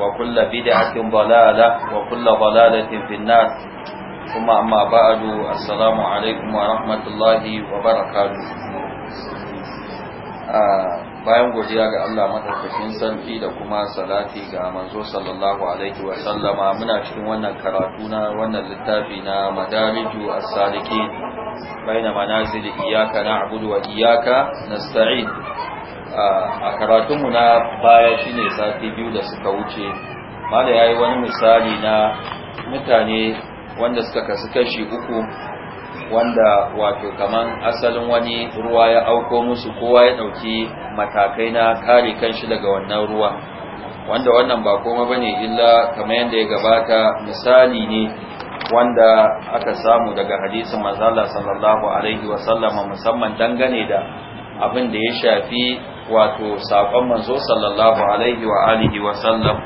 وكل بدعة ضلالة وكل ضلالة في amma ثم أما بعد السلام عليكم ورحمة الله وبركاته bayan godiya ga Allah madaukakin sarki da kuma salati ga manzo sallallahu alaihi wa sallama muna cikin wannan karatu na wannan littafi na madariju as-salikin baina manazil iyyaka na'budu wa iyyaka nasta'in a karatunmu na baya shine sati biyu da suka wuce Malam ya yi wani misali na mutane wanda suka kasu kashi uku wanda wato kaman asalin wani ruwa ya auko musu kowa ya ɗauki matakai na kare kanshi daga wannan ruwa wanda wannan ba koma bane illa kamar yadda ya gabata misali ne wanda aka samu daga hadisin manzala sallallahu alaihi wasallama musamman dangane da abin da ya shafi wato saƙon manzo sallallahu alaihi wa alihi wa sallam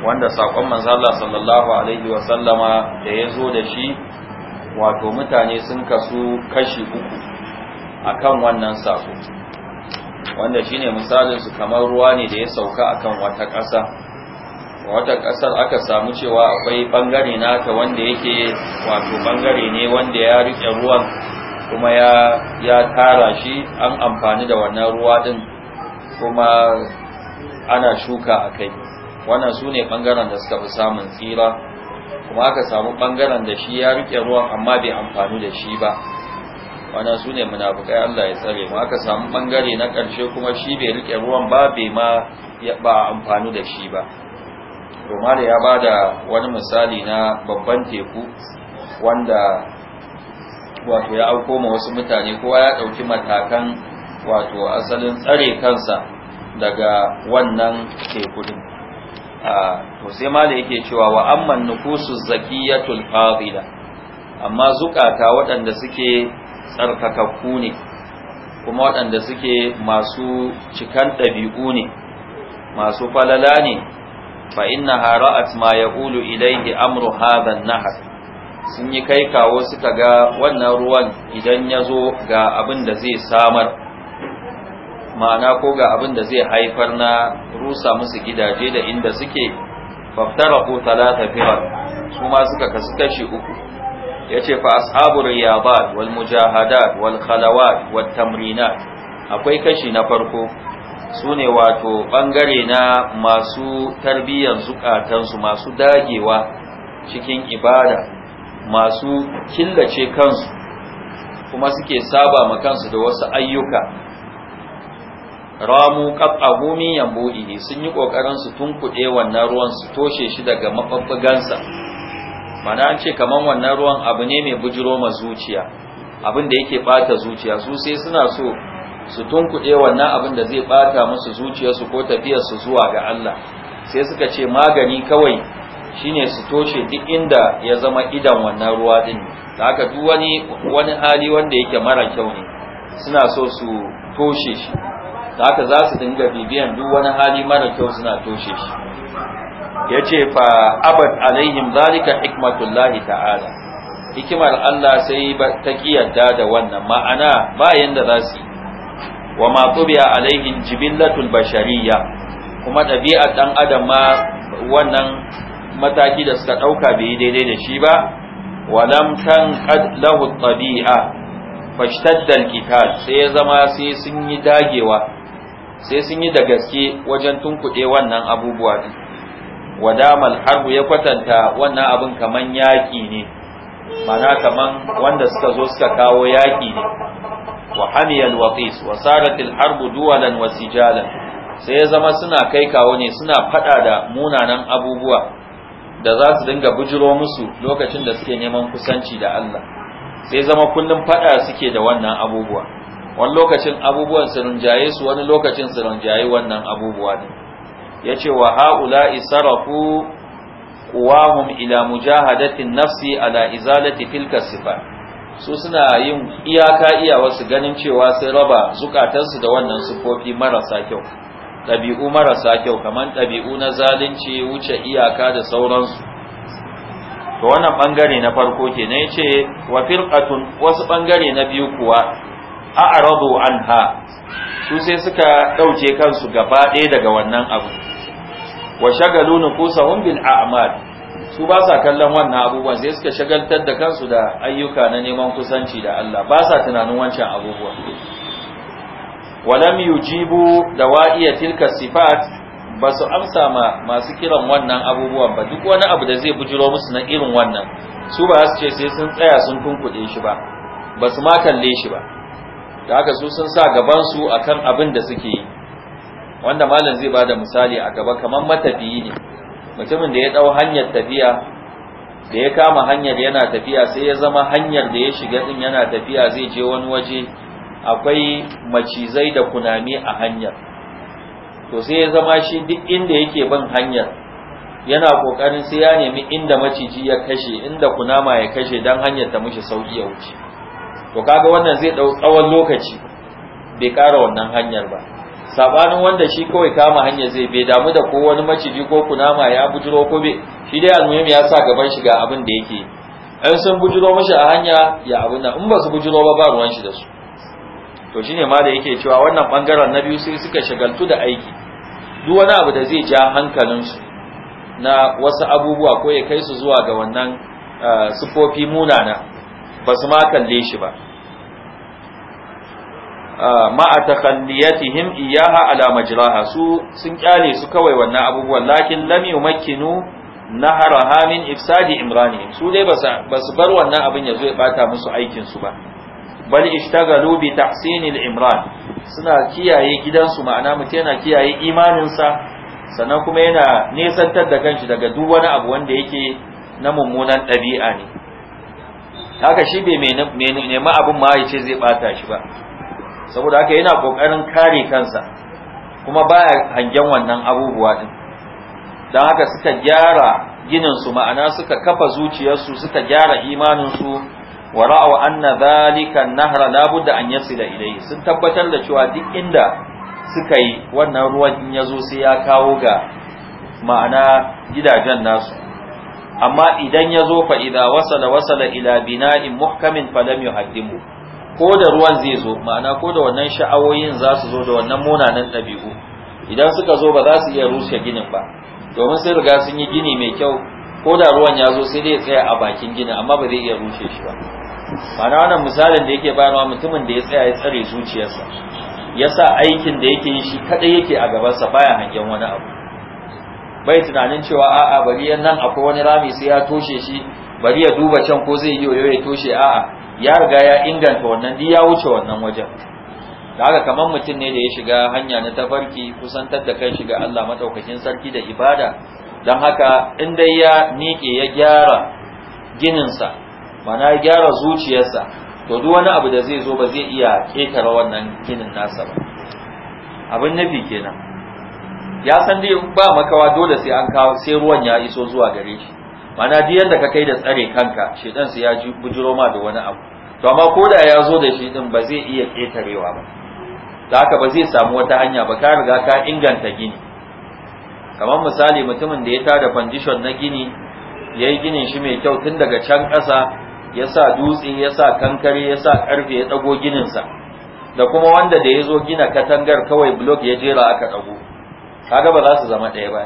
wanda saƙon manzo Allah sallallahu alaihi wa sallama da ya zo da shi wato mutane sun kasu kashi uku akan wannan saƙo wanda shine misalin su kamar ruwa ne da ya sauka akan wata ƙasa wata ƙasar aka samu cewa akwai bangare nata wanda yake wato bangare ne wanda ya rike ruwan kuma ya ya tara shi an amfani da wannan ruwa din kuma ana shuka a kai wannan su ne ɓangaren da suka fi samun tsira kuma aka samu ɓangaren da shi ya rike ruwan amma bai amfani da shi ba wannan su ne munafukai Allah ya tsare mu aka samu ɓangare na ƙarshe kuma shi bai rike ruwan ba bai ma ba amfani da shi ba Romare ya ba da wani misali na babban teku wanda wato ya auko ma wasu mutane kowa ya ɗauki matakan wato asalin tsare kansa daga wannan tekudin to sai ma da yake cewa wa amman nufusu zakiyatul fadila amma zukata waɗanda suke tsarkakakku ne kuma waɗanda suke masu cikan ɗabi'u ne masu falala ne fa inna ra'at ma yaqulu ilayhi amru hadha an-nahar sun yi kai kawo suka ga wannan ruwan idan ya zo ga abin da zai samar ma'ana ko ga abin da zai haifar na rusa musu gidaje da inda suke faftara ko talata firar su ma suka kasu kashi uku ya ce fa ashabu yabad wal mujahadat wal khalawat wal tamrinat akwai kashi na farko su ne wato ɓangare na masu tarbiyyar zukatansu masu dagewa cikin ibada masu killace kansu kuma suke saba ma kansu da wasu ayyuka ramu qat'ahu min yambudihi sun yi kokarin su tunkuɗe wannan ruwan su toshe shi daga mababbugansa mana an ce kaman wannan ruwan abu ne mai bujiro ma zuciya abin da yake bata zuciya su sai suna so su tunkuɗe wannan abin da zai bata musu zuciyarsu ko tafiyarsu zuwa ga Allah sai suka ce magani kawai shine su toshe duk inda ya zama idan wannan ruwa din da haka duk wani wani hali wanda yake mara kyau ne suna so su toshe shi da haka za su dinga bibiyan duk wani hali mara kyau suna toshe shi Ya ce fa abad alaihim zalika hikmatullahi ta'ala hikimar Allah sai ta kiyarda da wannan ma'ana bayan da za su wa ma tubiya alaihim jibillatul bashariyya kuma ɗabi'ar ɗan adam ma wannan mataki da suka ɗauka bai daidai da shi ba tan qad lahu tabi'a fashtadda al-qital sai ya zama sai sun yi dagewa sai sun yi da gaske wajen tunkuɗe wannan abubuwa din wadamal harbu ya kwatanta wannan abin kaman yaƙi ne mana kaman wanda suka zo suka kawo yaƙi ne wa hamiyal waqis wa saratil harbu duwalan wa sijalan sai ya zama suna kai kawo ne suna fada da munanan abubuwa da za su dinga bujiro musu lokacin da suke neman kusanci da Allah sai zama kullum fada suke da wannan abubuwa wani lokacin abubuwan su su wani lokacin su rinjaye wannan abubuwa ne yace wa haula isarafu kuwahum ila mujahadati nafsi ala izalati tilka sifa su suna yin iyaka iyawa su ganin cewa sai raba zukatansu da wannan sifofi marasa kyau ɗabi'u marasa kyau kamar ɗabi'u na zalunci wuce iyaka da sauransu to wannan ɓangare na farko ke ne ce wa firqatun wasu ɓangare na biyu kuwa a arabu anha su sai suka ɗauke kansu gaba ɗaya daga wannan abu wa shagalu nufusahum bil a'mal su ba sa kallon wannan abubuwan sai suka shagaltar da kansu da ayyuka na neman kusanci da Allah ba sa tunanin wancan abubuwan walam yujibu dawa'iya tilka sifat ba su amsa ma masu kiran wannan abubuwan ba duk wani abu da zai bujiro musu na irin wannan su ba su ce sai sun tsaya sun tunkuɗe shi ba ba su ma kalle shi ba da haka su sun sa gaban su akan abin da suke yi wanda malam zai bada misali a gaba kamar matafiyi ne mutumin da ya dau hanyar tafiya da ya kama hanyar yana tafiya sai ya zama hanyar da ya shiga din yana tafiya zai je wani waje akwai macizai da kunami a hanyar to sai ya zama shi duk inda yake ban hanyar yana kokarin sai ya nemi inda maciji ya kashe inda kunama ya kashe dan hanyar ta mishi sauki ya wuce to kaga wannan zai dau tsawon lokaci bai kara wannan hanyar ba sabanin wanda shi kawai kama hanyar zai bai damu da ko wani maciji ko kunama ya bujuro ko bai shi dai almuhim ya sa gaban shi ga abin da yake in sun bujuro mashi a hanya ya abin nan in ba su bujiro ba ba ruwan shi da su to shine ma da yake cewa wannan bangaren na biyu sai suka shagaltu da aiki duk wani abu da zai ja hankalin su na wasu abubuwa ko ya kai su zuwa ga wannan eh, sifofi munana ba su ma kalle shi ba eh, ma'a takhalliyatihim iyaha ala majraha su sun kyale su kawai wannan abubuwan lakin lam yumakkinu naharaha min ifsadi imranihim su dai ba su bar wannan abin ya zo ya bata musu aikin su ba bal ishtagalu bi tahsinil imran suna kiyaye gidansu ma'ana mutum yana kiyaye imaninsa sannan kuma yana nesantar da kanshi daga duk wani abu wanda yake na mummunan ɗabi'a ne haka shi bai nema abin ma ce zai bata shi ba saboda haka yana kokarin kare kansa kuma baya hangen wannan abubuwa din don haka suka gyara ginin su ma'ana suka kafa zuciyarsu suka gyara imaninsu wa ra'aw anna dhalika nahra la budda an yasila ilayhi sun tabbatar da cewa duk inda suka yi wannan ruwan in yazo sai ya kawo ga ma'ana gidajen nasu amma idan yazo fa idza wasala wasala ila bina'in muhkamin falam yuhaddimu ko da ruwan zai zo ma'ana ko da wannan sha'awoyin za su zo da wannan munanan ɗabi'u idan suka zo ba za su iya rushe ginin ba domin sai riga sun yi gini mai kyau ko da ruwan ya zo sai dai ya tsaya a bakin gini amma ba zai iya rushe shi ba mana wannan misalin da yake bayarwa mutumin da ya tsaya ya tsare zuciyarsa ya sa aikin da yake yi shi kadai yake a gabansa baya hangen wani abu bai tunanin cewa a'a bari nan akwai wani rami sai ya toshe shi bari ya duba can ko zai yi yoyo ya toshe a'a ya riga ya inganta wannan duk ya wuce wannan wajen da haka kamar mutum ne da ya shiga hanya na tafarki kusantar da kai shiga Allah madaukakin sarki da ibada don haka in dai ya miƙe ya gyara gininsa mana ya gyara zuciyarsa to duk wani abu da zai zo ba zai iya ƙetare wannan ginin nasa ba abin nabi kenan ya san dai ba makawa dole sai an kawo sai ruwan ya iso zuwa gare shi mana duk yadda ka kai da tsare kanka shedan su ya ji bujiro ma da wani abu to amma ko da ya zo da shi din ba zai iya ƙetarewa ba da haka ba zai samu wata hanya ba ka riga ka inganta gini kamar misali mutumin da ya tada condition na gini ya yi ginin shi mai kyau tun daga can ƙasa ya sa dutse ya sa kankare ya sa ƙarfe ya ɗago sa, da kuma wanda da ya zo gina katangar kawai blok ya jera aka ɗago kaga ba za su zama ɗaya ba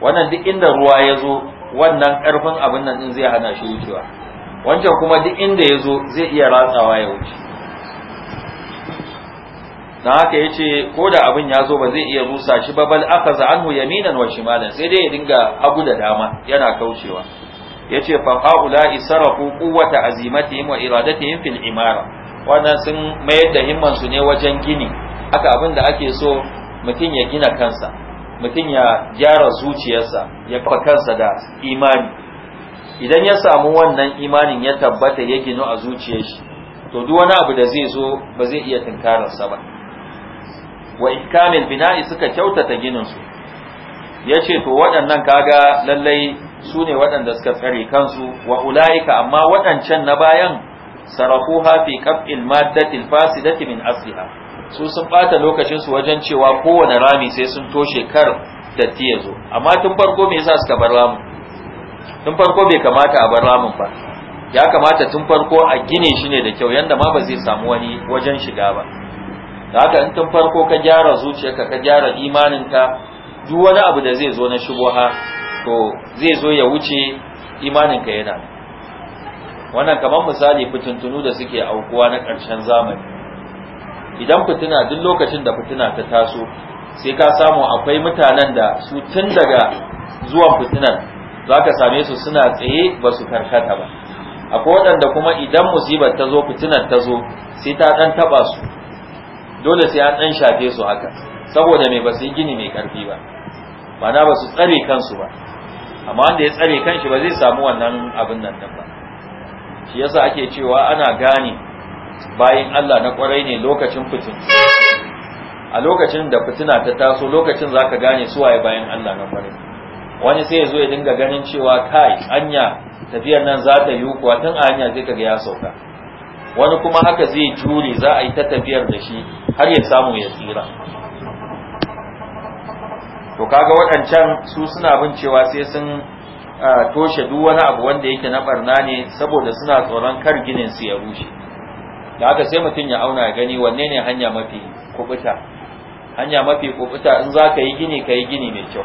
wannan duk inda ruwa ya zo wannan ƙarfin abin nan ɗin zai hana shi wucewa wancan kuma duk inda ya zo zai iya ratsawa ya wuce Don haka ya ce ko da abin ya zo ba zai iya rusa shi ba bal an anhu yaminan wa shimalan sai dai ya dinga hagu da dama yana kaucewa yace fa haula'i sarafu quwwata azimatihim wa iradatihim fil imara wannan sun mayar da himman su ne wajen gini haka abin da ake so mutum ya gina kansa mutum ya gyara zuciyarsa ya kafa kansa da imani idan ya samu wannan imanin ya tabbata ya gina a zuciyar to duk wani abu da zai zo ba zai iya tunkararsa ba wa ikamil bina'i suka kyautata ginin su yace to waɗannan kaga lallai su ne waɗanda suka tsare kansu wa ulaika amma waɗancan na bayan sarafu fi qaf'il maddatil fasidati min asliha su sun bata lokacin su wajen cewa kowane rami sai sun toshe kar datti ya zo amma tun farko me yasa suka bar ramin tun farko bai kamata a bar ramin ba ya kamata tun farko a gine shi ne da kyau yanda ma ba zai samu wani wajen shiga ba da haka in tun farko ka gyara zuciyarka ka gyara imaninka duk wani abu da zai zo na shubuha to zai zo ya wuce imaninka yana wannan kamar misali fituntunu da suke aukuwa na ƙarshen zamani idan fitina duk lokacin da fitina ta taso sai ka samu akwai mutanen da su tun daga zuwan fitinar za ka same su suna tsaye ba su karkata ba akwai waɗanda kuma idan musibar ta zo fitinar ta zo sai ta ɗan taɓa su dole sai an ɗan shafe su haka saboda me ba su yi gini mai karfi ba mana ba su tsare kansu ba amma wanda ya tsare kanshi ba zai samu wannan abin nan ba shi yasa ake cewa ana gane bayan Allah na kwarai ne lokacin fitin a lokacin da fitina ta taso lokacin zaka gane suwaye bayan Allah na kwarai wani sai ya zo ya dinga ganin cewa kai anya tafiyar nan za ta yi kuwa tun a hanya zai kaga ya sauka wani kuma haka zai jure za a yi ta tafiyar da shi har ya samu ya tsira to kaga waɗancan su suna bin cewa sai sun toshe duk wani abu wanda yake na barna ne saboda suna tsoron kar ginin su ya rushe da haka sai mutum ya auna ya gani wanne ne hanya mafi kubuta hanya mafi kubuta in za ka yi gini ka yi gini mai kyau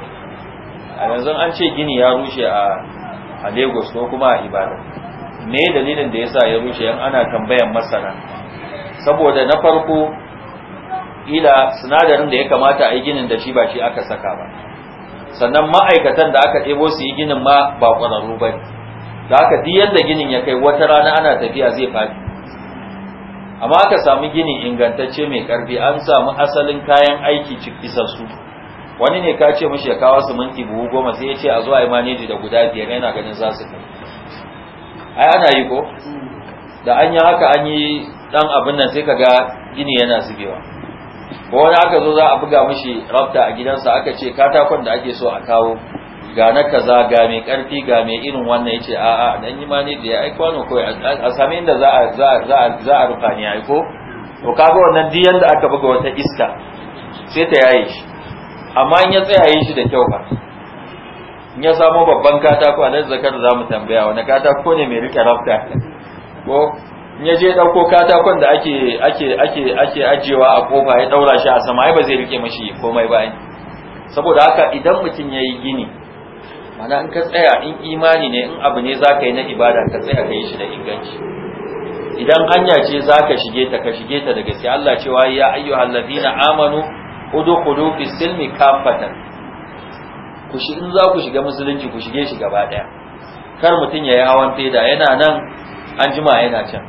a yanzu an ce gini ya rushe a lagos ko kuma a ibadan me dalilin da yasa ya rushe in ana tambayan masana saboda na farko kila sinadarin da ya kamata a yi ginin da shi ba shi aka saka ba sannan ma'aikatan da aka ɗebo su yi ginin ma ba ƙwararru ba ne da aka duk yadda ginin ya kai wata rana ana tafiya zai faɗi amma aka samu ginin ingantacce mai ƙarfi an samu asalin kayan aiki isassu wani ne ka ce mashi ya kawo siminti buhu goma sai ya ce a zuwa yi maneji da guda biyar yana ganin za su kai ai ana yi ko da an yi haka an yi ɗan abin nan sai ka ga gini yana zubewa ko wani aka zo za a buga mishi rafta a gidansa aka ce katakon da ake so a kawo ga na kaza ga mai karfi ga mai irin wannan yace a a dan yi mani da ya aiko ne ko a sami inda za a za a za a rufa ne aiko to kaga wannan duk yanda aka buga wata iska sai ta yaye shi amma in ya tsaya yin shi da kyau fa in ya samu babban katako a nan zakar za mu tambaya wani katako ne mai rike rafta ko in ya je ɗauko katakon da ake ake ake ake ajewa a kofa ya ɗaura shi a sama ai ba zai rike mashi komai ba saboda haka idan mutum ya yi gini mana in ka tsaya in imani ne in abu ne za ka yi na ibada ka tsaya ka yi shi da inganci idan hanya ce za ka shige ta ka shige ta da gaske Allah cewa ya ayyuhal ladina amanu udkhulu fi silmi kafatan ku shi in za ku shiga musulunci ku shige shi gaba daya kar mutum ya yi hawan feda yana nan an jima yana can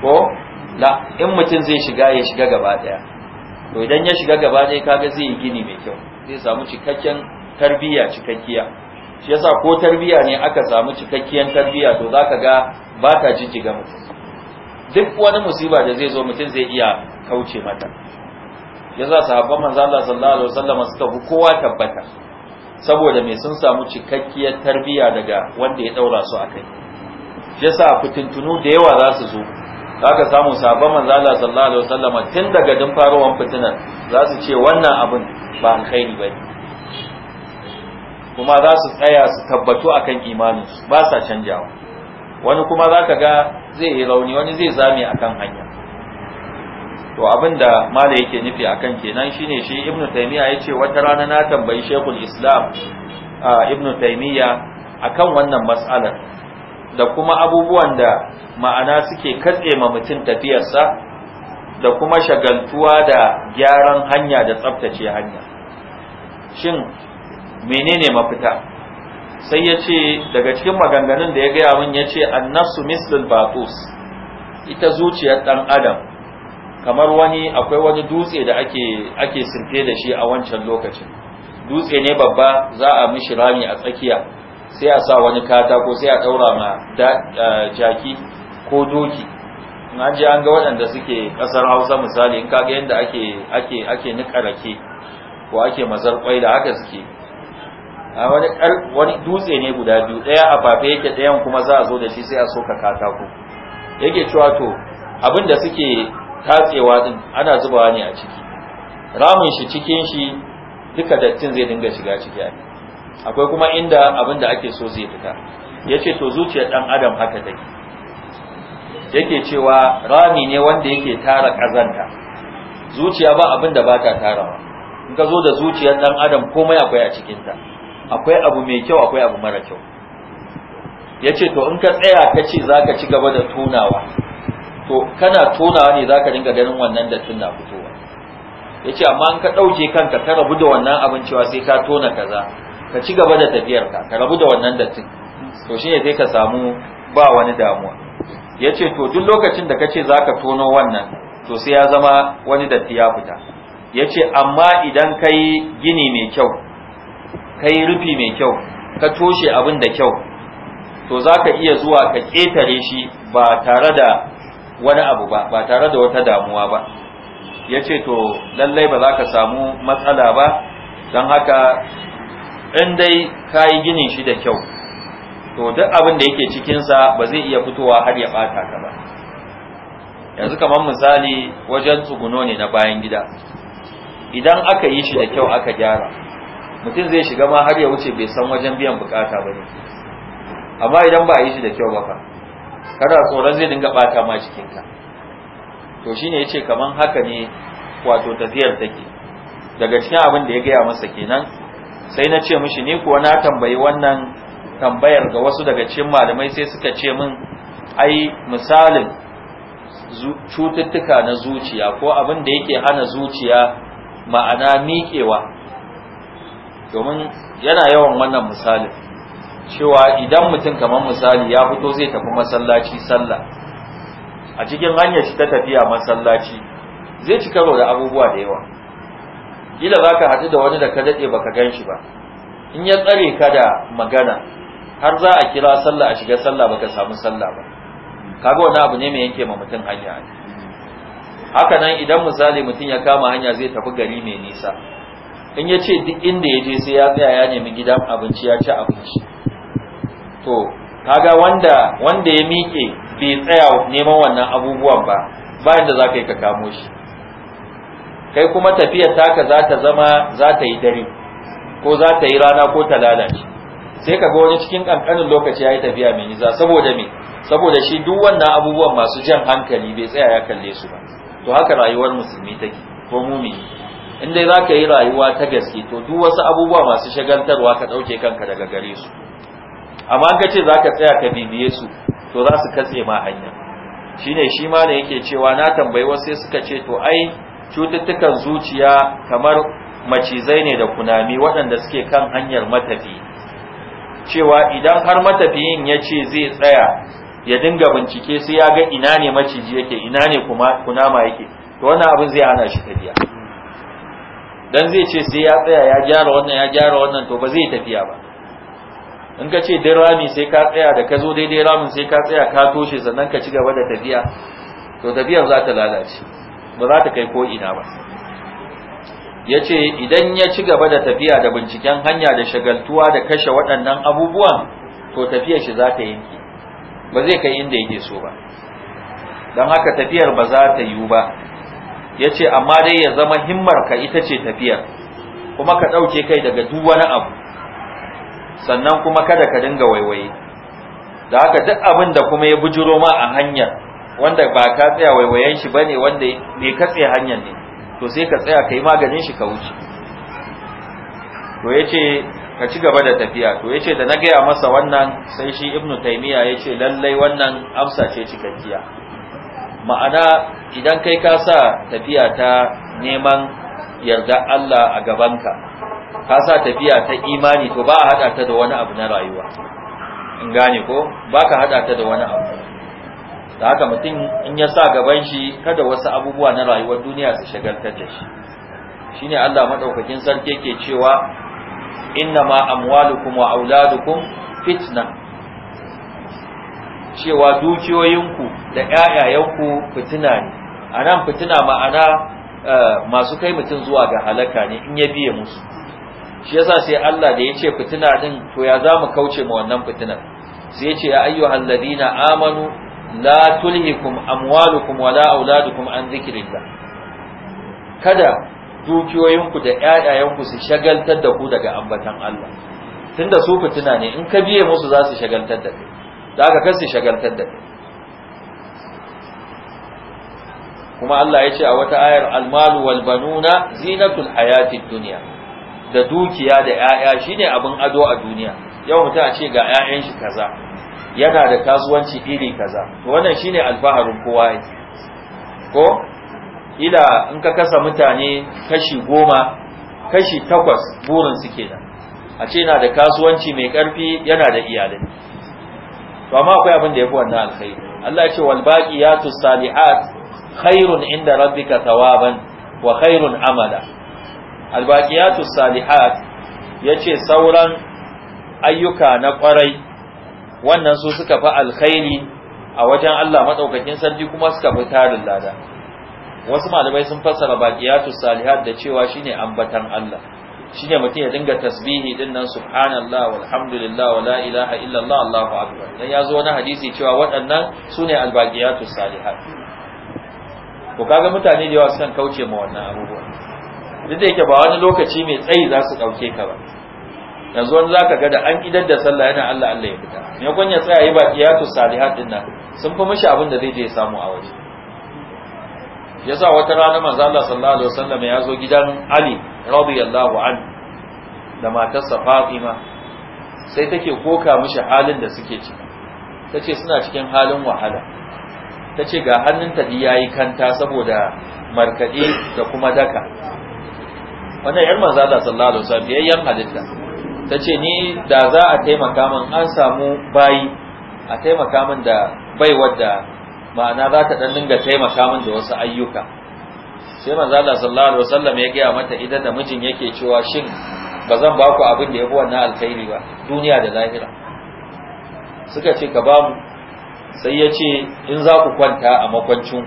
ko la in mutum zai shiga ya shiga gaba daya to idan ya shiga gaba daya kaga zai yi gini mai kyau zai samu cikakken tarbiyya cikakkiya shi yasa ko tarbiyya ne aka samu cikakkiyar tarbiyya to zaka ga ba ta jijjiga mutum duk wani musiba da zai zo mutum zai iya kauce mata yasa sahabban manzo Allah sallallahu alaihi wasallam suka bu kowa tabbata saboda me sun samu cikakkiyar tarbiyya daga wanda ya daura su akai shi yasa fitintunu da yawa za su zo zaka samu sabon manzo Allah sallallahu alaihi wasallam tun daga din farowan fitinan za su ce wannan abin ba alkhairi ba kuma za su tsaya su tabbatu akan imanin ba sa canjawa wani kuma za ka ga zai yi rauni wani zai zame akan hanya to abin da mala yake nufi akan kenan shine shi ibnu taymiya ya ce wata rana na tambayi shekul islam ibnu taymiya akan wannan mas'alar da kuma abubuwan da ma'ana suke katse ma mutum tafiyarsa da kuma shagaltuwa da gyaran hanya da tsabtace hanya shin menene mafita sai ya ce daga cikin maganganun da ya gaya mun ya ce annasu mislul batus ita zuciyar ɗan adam kamar wani akwai wani dutse da ake ake sirfe da shi a wancan lokacin dutse ne babba za a mishi rami a tsakiya sai a sa wani katako sai a ɗaura ma jaki ko doki in an je an ga waɗanda suke ƙasar hausa misali in kaga yadda ake ake ake niƙa rake ko ake mazar ƙwai da haka suke a wani dutse ne guda biyu ɗaya a fafe yake ɗayan kuma za a zo da shi sai a soka katako yake cewa to abin da suke tatsewa din ana zubawa ne a ciki ramin shi cikin shi duka dattin zai dinga shiga ciki a ne akwai kuma inda abin da ake so zai fita yace to zuciyar dan adam haka take yake cewa rami ne wanda yake tara kazanta zuciya ba abin da bata tarawa in ka zo da zuciyar dan adam komai akwai a cikinta. akwai abu mai kyau akwai abu mara kyau yace to in ka tsaya ka ce zaka ci gaba da tunawa? to kana tunawa ne zaka dinga ganin wannan da na fitowa yace amma in ka ɗauke kanka ka rabu da wannan abin cewa sai ka tona kaza ka ci gaba da tafiyarka ka rabu da wannan dattin to shine sai ka samu ba wani damuwa yace to duk lokacin da ka kace zaka tono wannan to sai ya zama wani datti ya fita yace amma idan kai gini mai kyau kai rufi mai kyau ka toshe abin da kyau to zaka iya zuwa ka ƙetare shi ba tare da wani abu ba ba tare da wata damuwa ba yace to lallai ba za ka samu matsala ba don haka in dai ka yi ginin shi da kyau to duk abin da yake cikinsa ba zai iya fitowa har ya ɓata ka ba yanzu kamar misali wajen tsuguno ne na bayan gida idan aka yi shi da kyau aka gyara mutum zai shiga ma har ya wuce bai san wajen biyan bukata ba ne amma idan ba a yi shi da kyau ba fa kada tsoron zai dinga bata ma cikinka to shine yace kaman haka ne wato tafiyar take daga cikin abin da ya gaya masa kenan sai na ce mishi ni kuwa na tambayi wannan tambayar ga wasu daga cikin malamai sai suka ce min ai misalin cututtuka na zuciya ko abin da yake hana zuciya ma'ana miƙewa domin yana yawan wannan misalin cewa idan mutum kamar misali ya fito zai tafi masallaci sallah a cikin hanyar shi ta tafiya masallaci zai ci karo da abubuwa da yawa kila ka haɗu da wani da ka dade baka gan shi ba in ya tsare ka da magana har za a kira sallah a shiga sallah baka samu sallah ba kaga wani abu ne mai yanke ma mutum hanya haka nan idan misali mutum ya kama hanya zai tafi gari mai nisa in ya ce duk inda ya je sai ya tsaya ya nemi gidan abinci ya ci abinci to kaga wanda wanda ya miƙe bai tsaya neman wannan abubuwan ba bayan da za ka yi ka kamo shi kai kuma tafiyar taka za ta zama za ta yi dare ko za ta yi rana ko ta lalace sai ka ga wani cikin kankanin lokaci ya yi tafiya mai nisa saboda me saboda shi duk wannan abubuwan masu jan hankali bai tsaya ya kalle su ba to haka rayuwar musulmi take ko mumini in dai zaka yi rayuwa ta gaske to duk wasu abubuwa masu shagaltarwa ka ɗauke kanka daga gare su amma an ka ce zaka tsaya ka bibiye su to za su katse ma hanya shine shi ma ne yake cewa na tambayi wasu sai suka ce to ai cututtukan zuciya kamar macizai ne da kunami waɗanda suke kan hanyar matafi cewa idan har matafiyin ya ce zai tsaya ya dinga bincike sai ya ga ina ne maciji yake ina ne kuma kunama yake to wannan abin zai hana shi tafiya dan zai ce sai ya tsaya ya gyara wannan ya gyara wannan to ba zai tafiya ba in ka ce dai rami sai ka tsaya da ka zo daidai ramin sai ka tsaya ka toshe sannan ka ci gaba da tafiya to tafiyar za ta lalace ba za ta kai ko ina ba ya ce idan ya ci gaba da tafiya da binciken hanya da shagaltuwa da kashe waɗannan abubuwan to tafiyar shi za ta yanke ba zai kai inda yake so ba don haka tafiyar ba za ta yiwu ba ya ce amma dai ya zama himmar ka ita ce tafiyar kuma ka ɗauke kai daga duk wani abu sannan kuma kada ka dinga waiwaye da haka duk abin da kuma ya bujiro ma a hanyar wanda ba ka tsaya waiwayen shi bane wanda bai katse hanyar ne to sai ka tsaya kai maganin shi ka wuce to yace ka ci gaba da tafiya to yace da na gaya masa wannan sai shi ibnu taymiya yace lallai wannan amsa ce cikakkiya ma'ana idan kai ka sa tafiya ta neman yarda Allah a gabanka ka sa tafiya ta imani to ba a hada ta da wani abu na rayuwa in gane ko ba ka hada ta da wani abu da haka mutum in ya sa gaban shi kada wasu abubuwa na rayuwar duniya su shagaltar da shi ne Allah maɗaukakin sarki ke cewa ma amwalukum wa auladukum fitna cewa dukiyoyinku da ƴaƴayenku fitina ne A nan fitina ma'ana eh, masu kai mutum zuwa ga halaka ne in ya biye musu shi yasa sai Allah da ya ce fitina din to ya za mu kauce ma wannan fitinar sai ce ya ayyuhal ladina amanu la tulhikum amwalukum wala auladukum an zikrillah kada dukiyoyinku da ƴaƴayenku su shagaltar da ku daga ambatan Allah tunda su fitina ne in ka biye musu za su shagaltar da kai da aka su shagaltar da kai kuma Allah ya ce a wata ayar almalu wal banuna zinatul hayatid dunya da dukiya da ƴaƴa shine abin ado a duniya yau mutum a ce ga ƴaƴan kaza yana da kasuwanci iri kaza to wannan shine alfaharin kowa yake ko ila in ka kasa mutane kashi goma kashi takwas burin su kenan a ce yana da kasuwanci mai karfi yana da iyalai to amma akwai abin da yafi wannan alkhairi Allah ya ce wal baqiyatus salihat khairun inda rabbika thawaban wa khairun amala al baqiyatus salihat yace sauran ayyuka na kwarai wannan su suka fi alkhairi a wajen Allah madaukakin sarki kuma suka fi tarin lada wasu malamai sun fassara baqiyatus salihat da cewa shine ambatan Allah shine mutum ya dinga tasbihi din nan subhanallah walhamdulillah wala ilaha illallah allahu akbar dan yazo wani hadisi cewa waɗannan sune albaqiyatus salihat ko kaga mutane da yawa sukan kauce ma wannan abubuwa duk da yake ba wani lokaci mai tsayi za su dauke ka ba yanzu wani zaka ga da an idar da sallah yana Allah Allah ya fita me kun ya tsaya yi ya salihat haɗin nan sun fi mishi abin da zai je samu a waje yasa wata rana manzo Allah sallallahu alaihi wasallam ya zo gidan Ali radiyallahu an da matarsa Fatima sai take koka mishi halin da suke ciki tace suna cikin halin wahala tace ga hannunta da yayi kanta saboda markade da kuma daka wannan yar manzo Allah sallallahu alaihi halitta ta ce ni da za a taimaka min an samu bayi a taimaka min da bai wadda ma'ana za ta dan dinga taimaka min da wasu ayyuka sai manzo Allah sallallahu alaihi wasallam ya gaya mata idan da mijin yake cewa shin ba zan ba ku abin da yafi wannan alkhairi ba duniya da lahira suka ce ka bamu sai ya ce in za ku kwanta a makwancin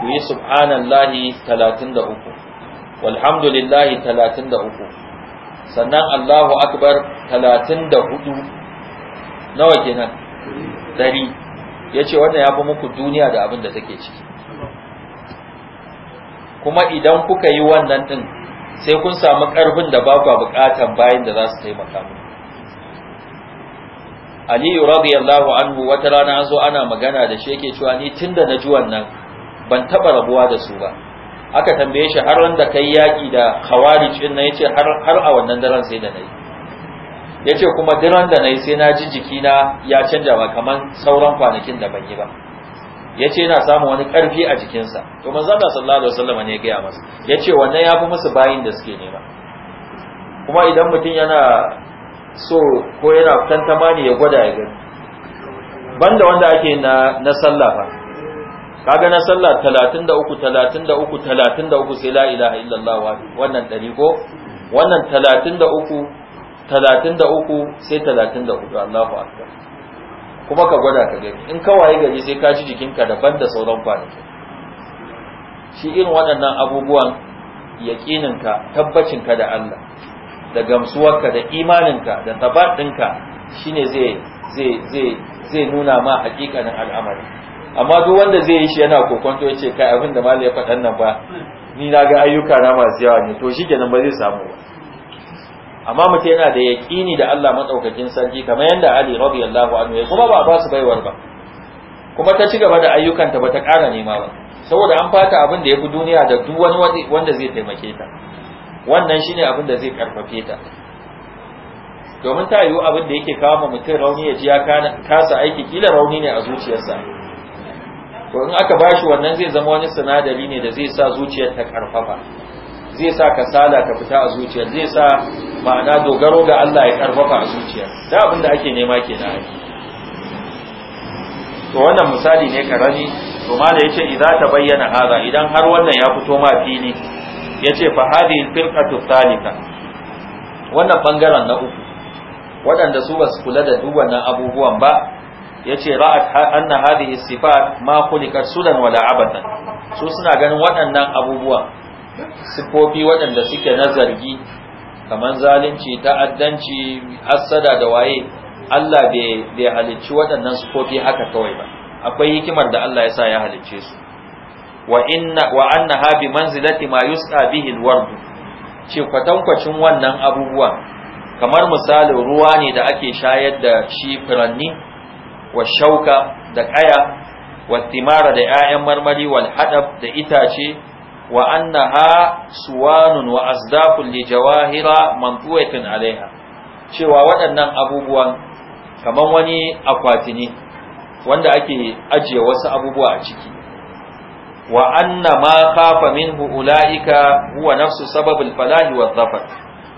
ku yi subhanallahi 33 walhamdulillahi 33 sannan Allahu akbar talatin da 34 nawa kenan 100 yace wannan ya fi muku duniya da abin da take ciki kuma idan kuka yi wannan din sai kun samu ƙarfin da ba ku bayan da za su taimaka muku Aliyu radiyallahu anhu wata rana an zo ana magana da shi yake cewa ni tunda na ji wannan ban taɓa rabuwa da su ba aka tambaye shi har wanda kai yaki da khawarij din nan yace har a wannan daren sai da nayi yace kuma daren da nayi sai na ji jikina ya canja ba kaman sauran kwanakin da ban yi ba yace yana samun wani karfi a jikinsa to manzo Allah sallallahu alaihi wasallam ne ya gaya masa yace wannan ya fi musu bayin da suke nema kuma idan mutum yana so ko yana tantama ne ya gwada ya gani banda wanda ake na na sallah fa kaga na sallah 33 33 33 sai la ilaha illallah wannan dari ko wannan 33 33 sai 34 Allahu akbar kuma ka gwada ka gani in ka waye gari sai ka ji jikinka daban da sauran kwanaki shi irin waɗannan abubuwan yaƙininka tabbacinka da Allah da gamsuwarka da imaninka da tabaddinka shine zai zai zai zai nuna ma hakikanin al'amari amma duk wanda zai yi shi yana kokonto ya ce kai abin da malai ya faɗan nan ba ni na ga ayyuka na masu yawa ne to shi kenan ba zai samu ba amma mutum yana da yaƙini da Allah madaukakin sarki kamar yadda Ali radiyallahu anhu ya kuma ba ba su baiwar ba kuma ta ci gaba da ayyukanta ba ta ƙara nema ba saboda an fata abin da ya fi duniya da duk wani wanda zai taimake ta wannan shine abin da zai karfafe ta domin ta yiwu abin da yake kawo mutum rauni ya ji ya kasa aiki kila rauni ne a zuciyarsa to in aka bashi wannan zai zama wani sinadari ne da zai sa zuciyar ta karfafa zai sa kasala ka fita a zuciyar zai sa ma'ana dogaro ga Allah ya karfafa a zuciyar da abin da ake nema ke kenan to wannan misali ne karami to mala yace ta bayyana hada idan har wannan ya fito ma fili yace fa hadi firqatu thalitha wannan bangaren na uku waɗanda su ba su kula da duk abubuwan ba Ya yace ra'at anna hadhihi sifat ma khuliqat sudan wada abadan su suna ganin waɗannan abubuwa sifofi waɗanda suke na zargi kamar zalunci ta'addanci hassada da waye Allah bai halicci waɗannan sifofi haka kawai ba akwai hikimar da Allah ya sa ya halicce su wa Anna wa bi manzilati ma yusqa bihi alward ce kwatankwacin wannan abubuwa kamar misalin ruwa ne da ake shayar da shi furanni wa da ƙaya wa timara da 'ya'yan marmari wal hadab da itace wa annaha suwanun wa asdaqul li jawahira mantuwatun alaiha cewa waɗannan abubuwan kamar wani akwati wanda ake ajiye wasu abubuwa a ciki wa anna ma khafa minhu ulaika huwa nafsu sababul falahi wa dhafar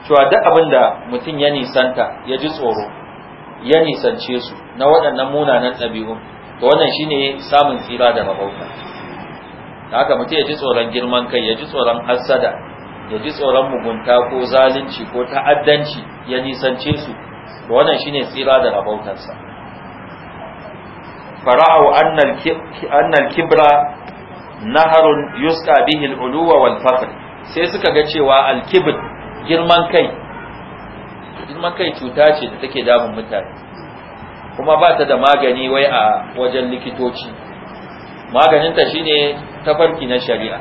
cewa duk abinda mutum ya nisanta ya ji tsoro ya nisance su na waɗannan munanan ɗabi'un to wannan shine samun tsira da Da haka mutum ya ji tsoron girman kai ya ji tsoron hassada ya ji tsoron mugunta ko zalunci ko ta'addanci ya nisance su to wannan shine tsira da rabautarsa fara'u annal kibra naharun yusqa bihi al-uluwa wal sai suka ga cewa al girman kai girman kai cuta ce da take damun mutane kuma ba ta da magani wai a wajen likitoci maganinta shine tafarki na shari'a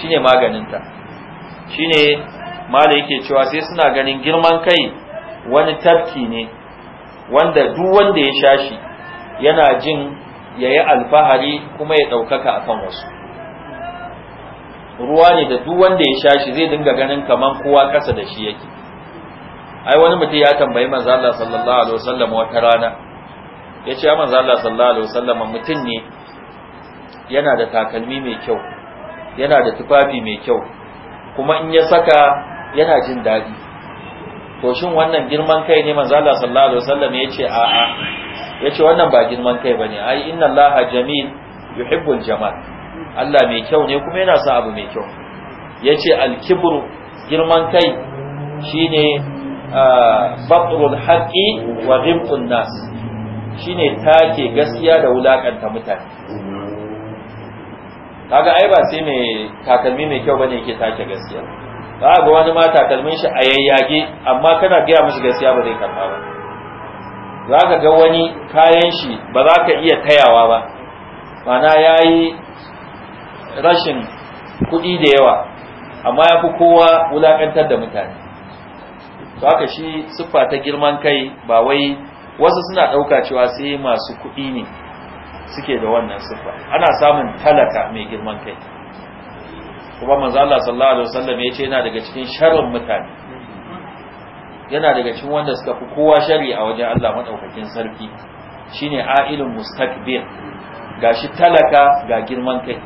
shine maganinta shine mala yake cewa sai suna ganin girman kai wani tafki ne wanda duk wanda ya sha shi yana jin yayi alfahari kuma ya ɗaukaka akan wasu ruwa ne da duk wanda ya shashi zai dinga ganin kamar kowa ƙasa da shi yake ai wani mutum ya tambayi manzo Allah sallallahu alaihi wasallam wata rana yace ya manzo Allah sallallahu alaihi wasallam mutum ne yana da takalmi mai kyau yana da tufafi mai kyau kuma in ya saka yana jin daɗi to shin wannan girman kai ne manzo Allah sallallahu alaihi wasallam yace a a yace wannan ba girman kai bane ai inna Allah jamil yuhibbul jamal Allah mai kyau ne kuma yana son abu mai kyau yace al-kibru girman kai shine batrul haqqi wa ghibtun nas shine take gaskiya da wulakanta mutane kaga ai ba sai mai takalmi mai kyau bane yake take gaskiya ba ga wani ma takalmin shi a yayyage amma kana gaya mishi gaskiya ba zai karɓa ba za ka ga wani kayan shi ba za ka iya tayawa ba mana ya yi rashin kuɗi da yawa amma ya fi kowa wulaƙantar da mutane to haka shi siffa ta girman kai ba wai wasu suna ɗauka cewa sai masu kuɗi ne suke da wannan siffa ana samun talaka mai girman kai kuma manzo Allah sallallahu alaihi wasallam ce yana daga cikin sharrin mutane yana daga cikin wanda suka fi kowa shari a wajen Allah madaukakin sarki shine ailun mustakbir gashi talaka ga girman kai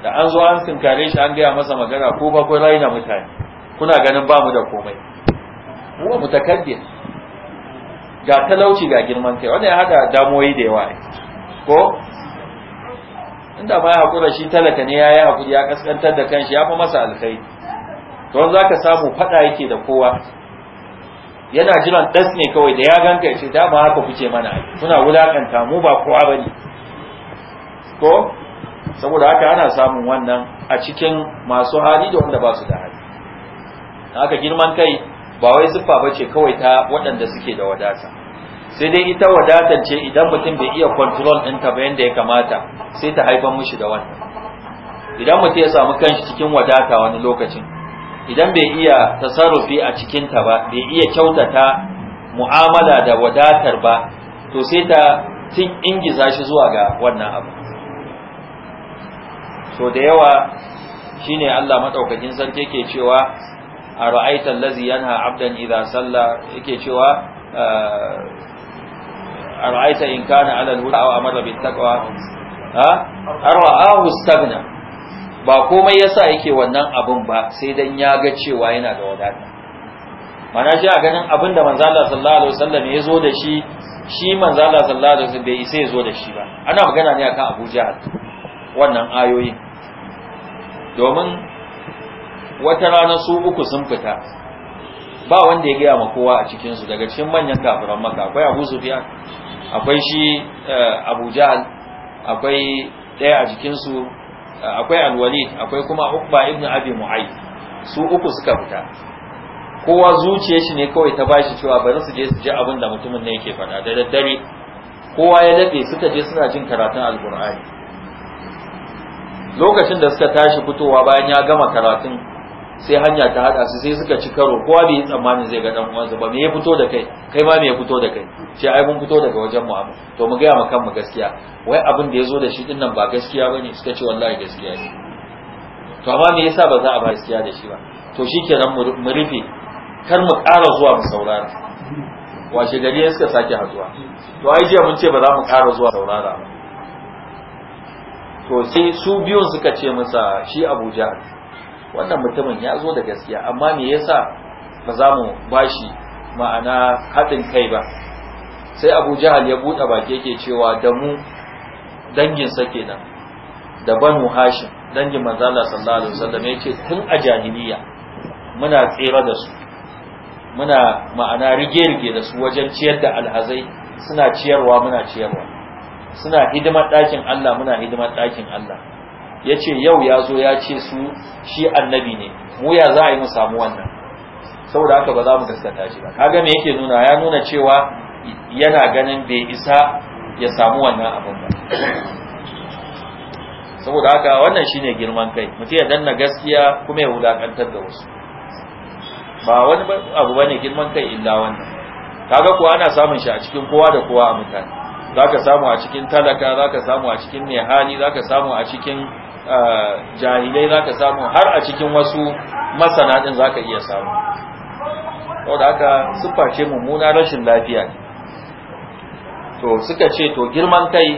da an zo an tunkare shi an gaya masa magana ko ba ko raina mutane kuna ganin ba mu da komai huwa ga talauci ga girman kai wanda ya hada damuwoyi da yawa ko inda ba ya hakura shi talaka ne yayi hakuri ya kaskantar da kanshi ya fa masa alkhairi to zaka samu fada yake da kowa yana jiran das ne kawai da ya ganka ya ce dama haka kuce mana suna wulakanta mu ba kowa bane ko saboda haka ana samun wannan a cikin masu hali da wanda ba su da hali haka girman kai ba wai siffa ba ce kawai ta waɗanda suke da wadata sai dai ita wadatar ce idan mutum bai iya control ɗinta ba yadda ya kamata sai ta haifar mishi da wannan idan mutum ya samu kanshi cikin wadata wani lokacin idan bai iya tasarrufi a cikinta ba bai iya kyautata mu'amala da wadatar ba to sai ta tun ingiza shi zuwa ga wannan abu so da yawa shine Allah maɗaukakin sarki yake cewa a ra'aitar lazi yana abdan idha salla yake cewa a ah, ra'aitar in kana alal huda a amara bin taqwa a ra'ahu stagna ba komai yasa yake wannan abun ba sai dan ya ga cewa yana da wadata mana shi a ganin abin da manzo Allah sallallahu alaihi wasallam ya zo da shi shi manzo Allah sallallahu alaihi wasallam bai isa ya zo da shi ba ana magana ne akan Abuja wannan ayoyin domin wata rana su uku sun fita ba wanda ya gaya ma kowa a cikinsu daga cikin manyan kafiran maka akwai abu sufiya akwai shi eh, abu akwai ɗaya a jikinsu eh, akwai alwalid akwai kuma ukba ibn abi mu'ai. su uku suka fita kowa zuciye shi ne kawai ta bashi cewa bari su je su ji abin mutumin ne yake faɗa da daddare kowa ya daɗe suka je suna jin karatun alkur'ani lokacin da suka tashi fitowa bayan ya gama karatun sai hanya ta hada su sai suka ci karo kowa bai yi tsammanin zai ga dan uwansa ba me ya fito da kai kai ma me ya fito da kai ce ai mun fito daga wajen mu amma to mu gaya ma kanmu gaskiya wai abin da ya zo da shi din nan ba gaskiya bane suka ce wallahi gaskiya ne to amma me yasa ba za a ba gaskiya da shi ba to shikenan mu rufe kar mu ƙara zuwa mu saurara washe gari ya suka sake hazuwa to ai jiya mun ce ba za mu ƙara zuwa saurara ba to sai su biyun suka ce masa shi Abuja wannan mutumin ya zo da gaskiya amma me yasa ba za mu bashi ma'ana haɗin kai ba sai abu jahal ya buɗe baki yake cewa da mu danginsa kenan da banu hashim dangin manzala sallallahu alaihi wasallam ya ce tun a jahiliya muna tsere da su muna ma'ana rige-rige da su wajen ciyar da alhazai suna ciyarwa muna ciyarwa suna hidimar ɗakin Allah muna hidimar ɗakin Allah ya ce yau ya zo ya ce su shi annabi ne mu ya za a yi mu samu wannan saboda haka ba za mu gaskata shi ba kaga me yake nuna ya nuna cewa yana ganin bai isa ya samu wannan abin ba saboda haka wannan shine girman kai mutum ya danna gaskiya kuma ya wulakantar da wasu ba wani abu bane girman kai illa wannan kaga kuwa ana samun shi a cikin kowa da kowa a mutane zaka samu a cikin talaka zaka samu a cikin mai hali zaka samu a cikin jahilai za ka samu har a cikin wasu masana din ka iya samu saboda aka siffa ce mummuna rashin lafiya ne to suka ce to girman kai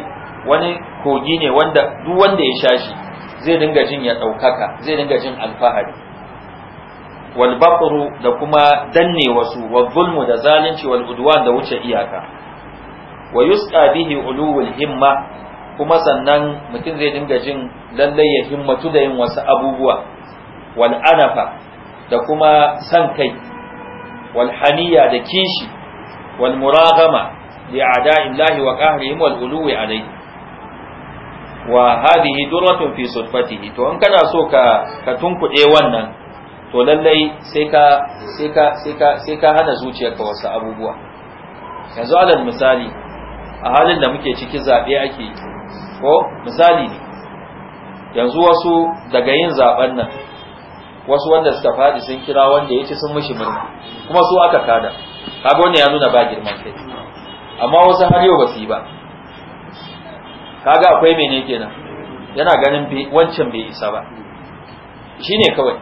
wani kogi ne wanda duk wanda ya sha shi zai dinga jin ya ɗaukaka zai dinga jin alfahari wal da kuma danne wasu wal zulmu da zalunci wal da wuce iyaka wa yusqa bihi uluwul himma kuma sannan mutum zai dinga jin lallai ya himmatu da yin wasu abubuwa wal'anafa da kuma san kai wal haniya da kishi wal muraghama li a'da'illahi wa qahrihim wal a alayhi wa hadhihi duratun fi sufatihi to in kana so ka ka tunkuɗe wannan to lallai sai ka sai ka ka hana zuciyarka wasu abubuwa yanzu alal misali a halin da muke ciki zaɓe ake yi ko misali ne yanzu wasu daga yin zaben nan wasu wanda suka faɗi sun kira wanda ya ci sun mishi murna kuma su aka kada kaga wanda ya nuna ba girman kai amma wasu har yau ba su yi ba kaga akwai mene kenan yana ganin wancan bai isa ba shine kawai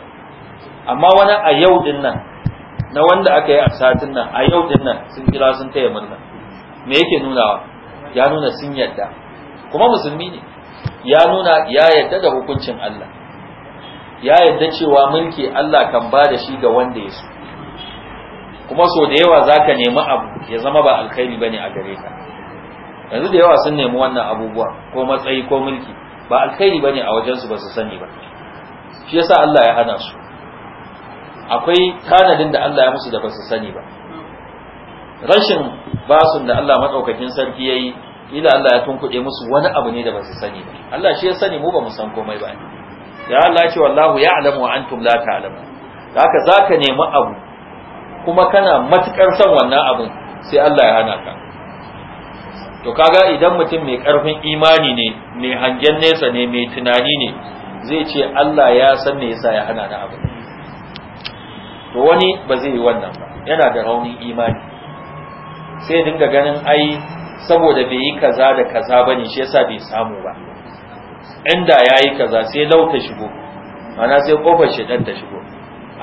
amma wani a yau din nan na wanda aka yi a satin nan a yau din nan sun kira sun taya murna me yake nunawa ya nuna sun yadda kuma musulmi ne ya nuna ya yadda da hukuncin Allah ya yadda cewa mulki Allah kan ba da shi ga wanda ya so kuma so da yawa zaka nemi abu ya zama ba alkhairi bane a gare ka yanzu da yawa sun nemi wannan abubuwa ko matsayi ko mulki ba alkhairi bane a wajen su ba su sani ba shi yasa Allah ya hana su akwai tanadin da Allah ya musu da ba su sani ba rashin basun da Allah madaukakin sarki yayi kila Allah ya tunkuɗe musu wani abu ne da ba su sani ba Allah shi ya sani mu ba mu san komai ba ya Allah ce wallahu ya'lamu wa antum la ta'lamun haka zaka nemi abu kuma kana matukar son wannan abu sai Allah ya hana ka to kaga idan mutum mai karfin imani ne mai hangen nesa ne mai tunani ne zai ce Allah ya san me yasa ya hana na abu to wani ba zai yi wannan ba yana da raunin imani sai dinga ganin ai saboda bai yi kaza da kaza ne shi yasa bai samu ba inda ya yi kaza sai lauta shigo ana sai kofar shedan ta shigo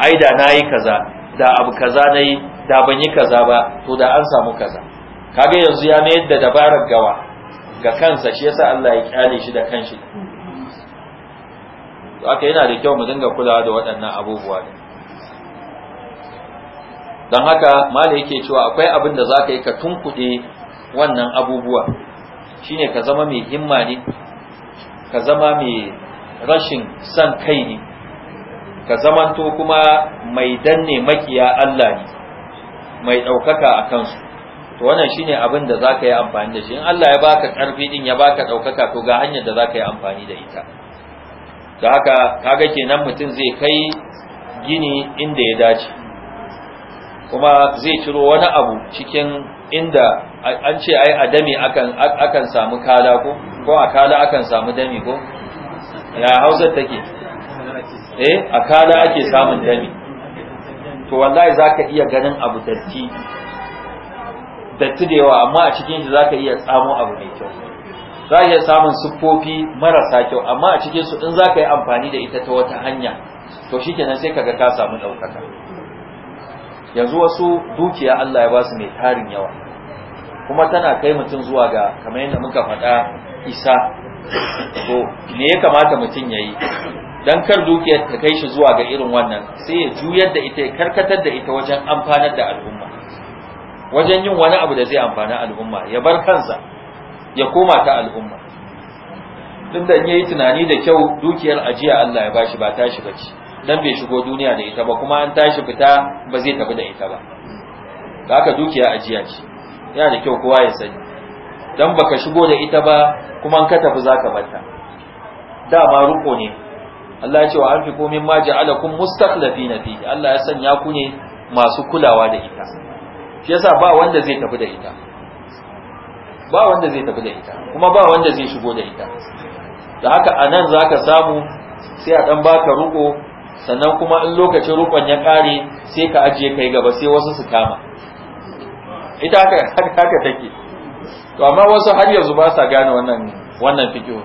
ai da na yi kaza da abu kaza na yi, da ban yi kaza ba to da an samu kaza kage yanzu ya mayar da dabarar gawa ga kansa shi yasa Allah ya kyale shi da kanshi to aka yana da kyau mu dinga kulawa da waɗannan abubuwa don haka malai yake cewa akwai abin da za ka yi ka tunkuɗe wannan abubuwa shine ka zama mai himma ne ka zama mai rashin son kai ne ka zamanto kuma mai danne makiya Allah ne mai ɗaukaka a kansu to wannan shine abin da za ka yi amfani da shi in Allah ya baka karfi din ya baka ɗaukaka to ga hanyar da za ka yi amfani da ita da haka kaga kenan mutum zai kai gini inda ya dace kuma zai ciro wani abu cikin inda an ce ai a dami akan akan samu kala ko ko a kala akan samu dami ko ya hausar take eh a kala ake samun dami to wallahi zaka iya ganin abu datti datti da yawa amma a cikin shi zaka iya tsamo abu mai kyau za iya samun siffofi marasa kyau amma a cikin su in zaka yi amfani da ita ta wata hanya to shikenan sai kaga ka samu daukaka yanzu wasu dukiya Allah ya basu mai tarin yawa kuma tana kai mutum zuwa ga kamar yadda muka faɗa isa to me ya kamata mutum ya yi Don kar dukiyar ta kai shi zuwa ga irin wannan sai ya juyar da ita ya karkatar da ita wajen amfanar da al'umma wajen yin wani abu da zai amfani al'umma ya bar kansa ya koma ta al'umma da da yi tunani da kyau dukiyar ajiya Allah ya bashi ba ta shi ba ce dan bai shigo duniya da ita ba kuma an tashi fita ba zai tafi da ita ba haka dukiya ajiya ce yana da kyau kowa ya sani dan baka shigo da ita ba kuma an ka tafi zaka barta dama ruko ne Allah ya ce wa anfiqu mimma ja'alakum mustakhlifina fihi Allah ya sanya ku ne masu kulawa da ita shi yasa ba wanda zai tafi da ita ba wanda zai tafi da ita kuma ba wanda zai shigo da ita da haka anan zaka samu sai a dan baka ruko sannan kuma in lokacin rukon ya kare sai ka ajiye kai gaba sai wasu su kama ita haka take to amma wasu har yanzu ba sa gane wannan wannan fikihu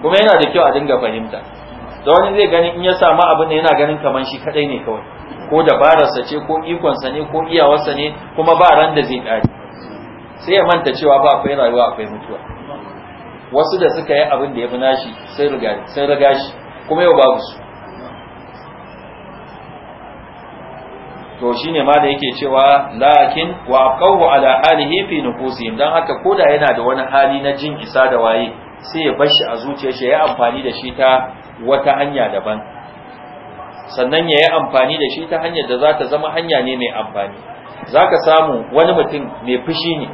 kuma yana da kyau a dinga fahimta da wani zai gani in ya samu abin da yana ganin kaman shi kadai ne kawai ko dabararsa ce ko ikonsa ne ko iyawarsa ne kuma ba ran da zai kare sai ya manta cewa ba akwai rayuwa akwai mutuwa wasu da suka yi abin da ya fi nashi sai riga shi kuma yau babu su to shine ma da yake cewa lakin wa aqawu ala halihi fi nufusihim dan haka koda yana da wani hali na jin isa da waye sai ya bar shi a zuciyar shi ya amfani da shi ta wata hanya daban sannan ya yi amfani da shi ta hanyar da za ta zama hanya ne mai amfani za ka samu wani mutum mai fushi ne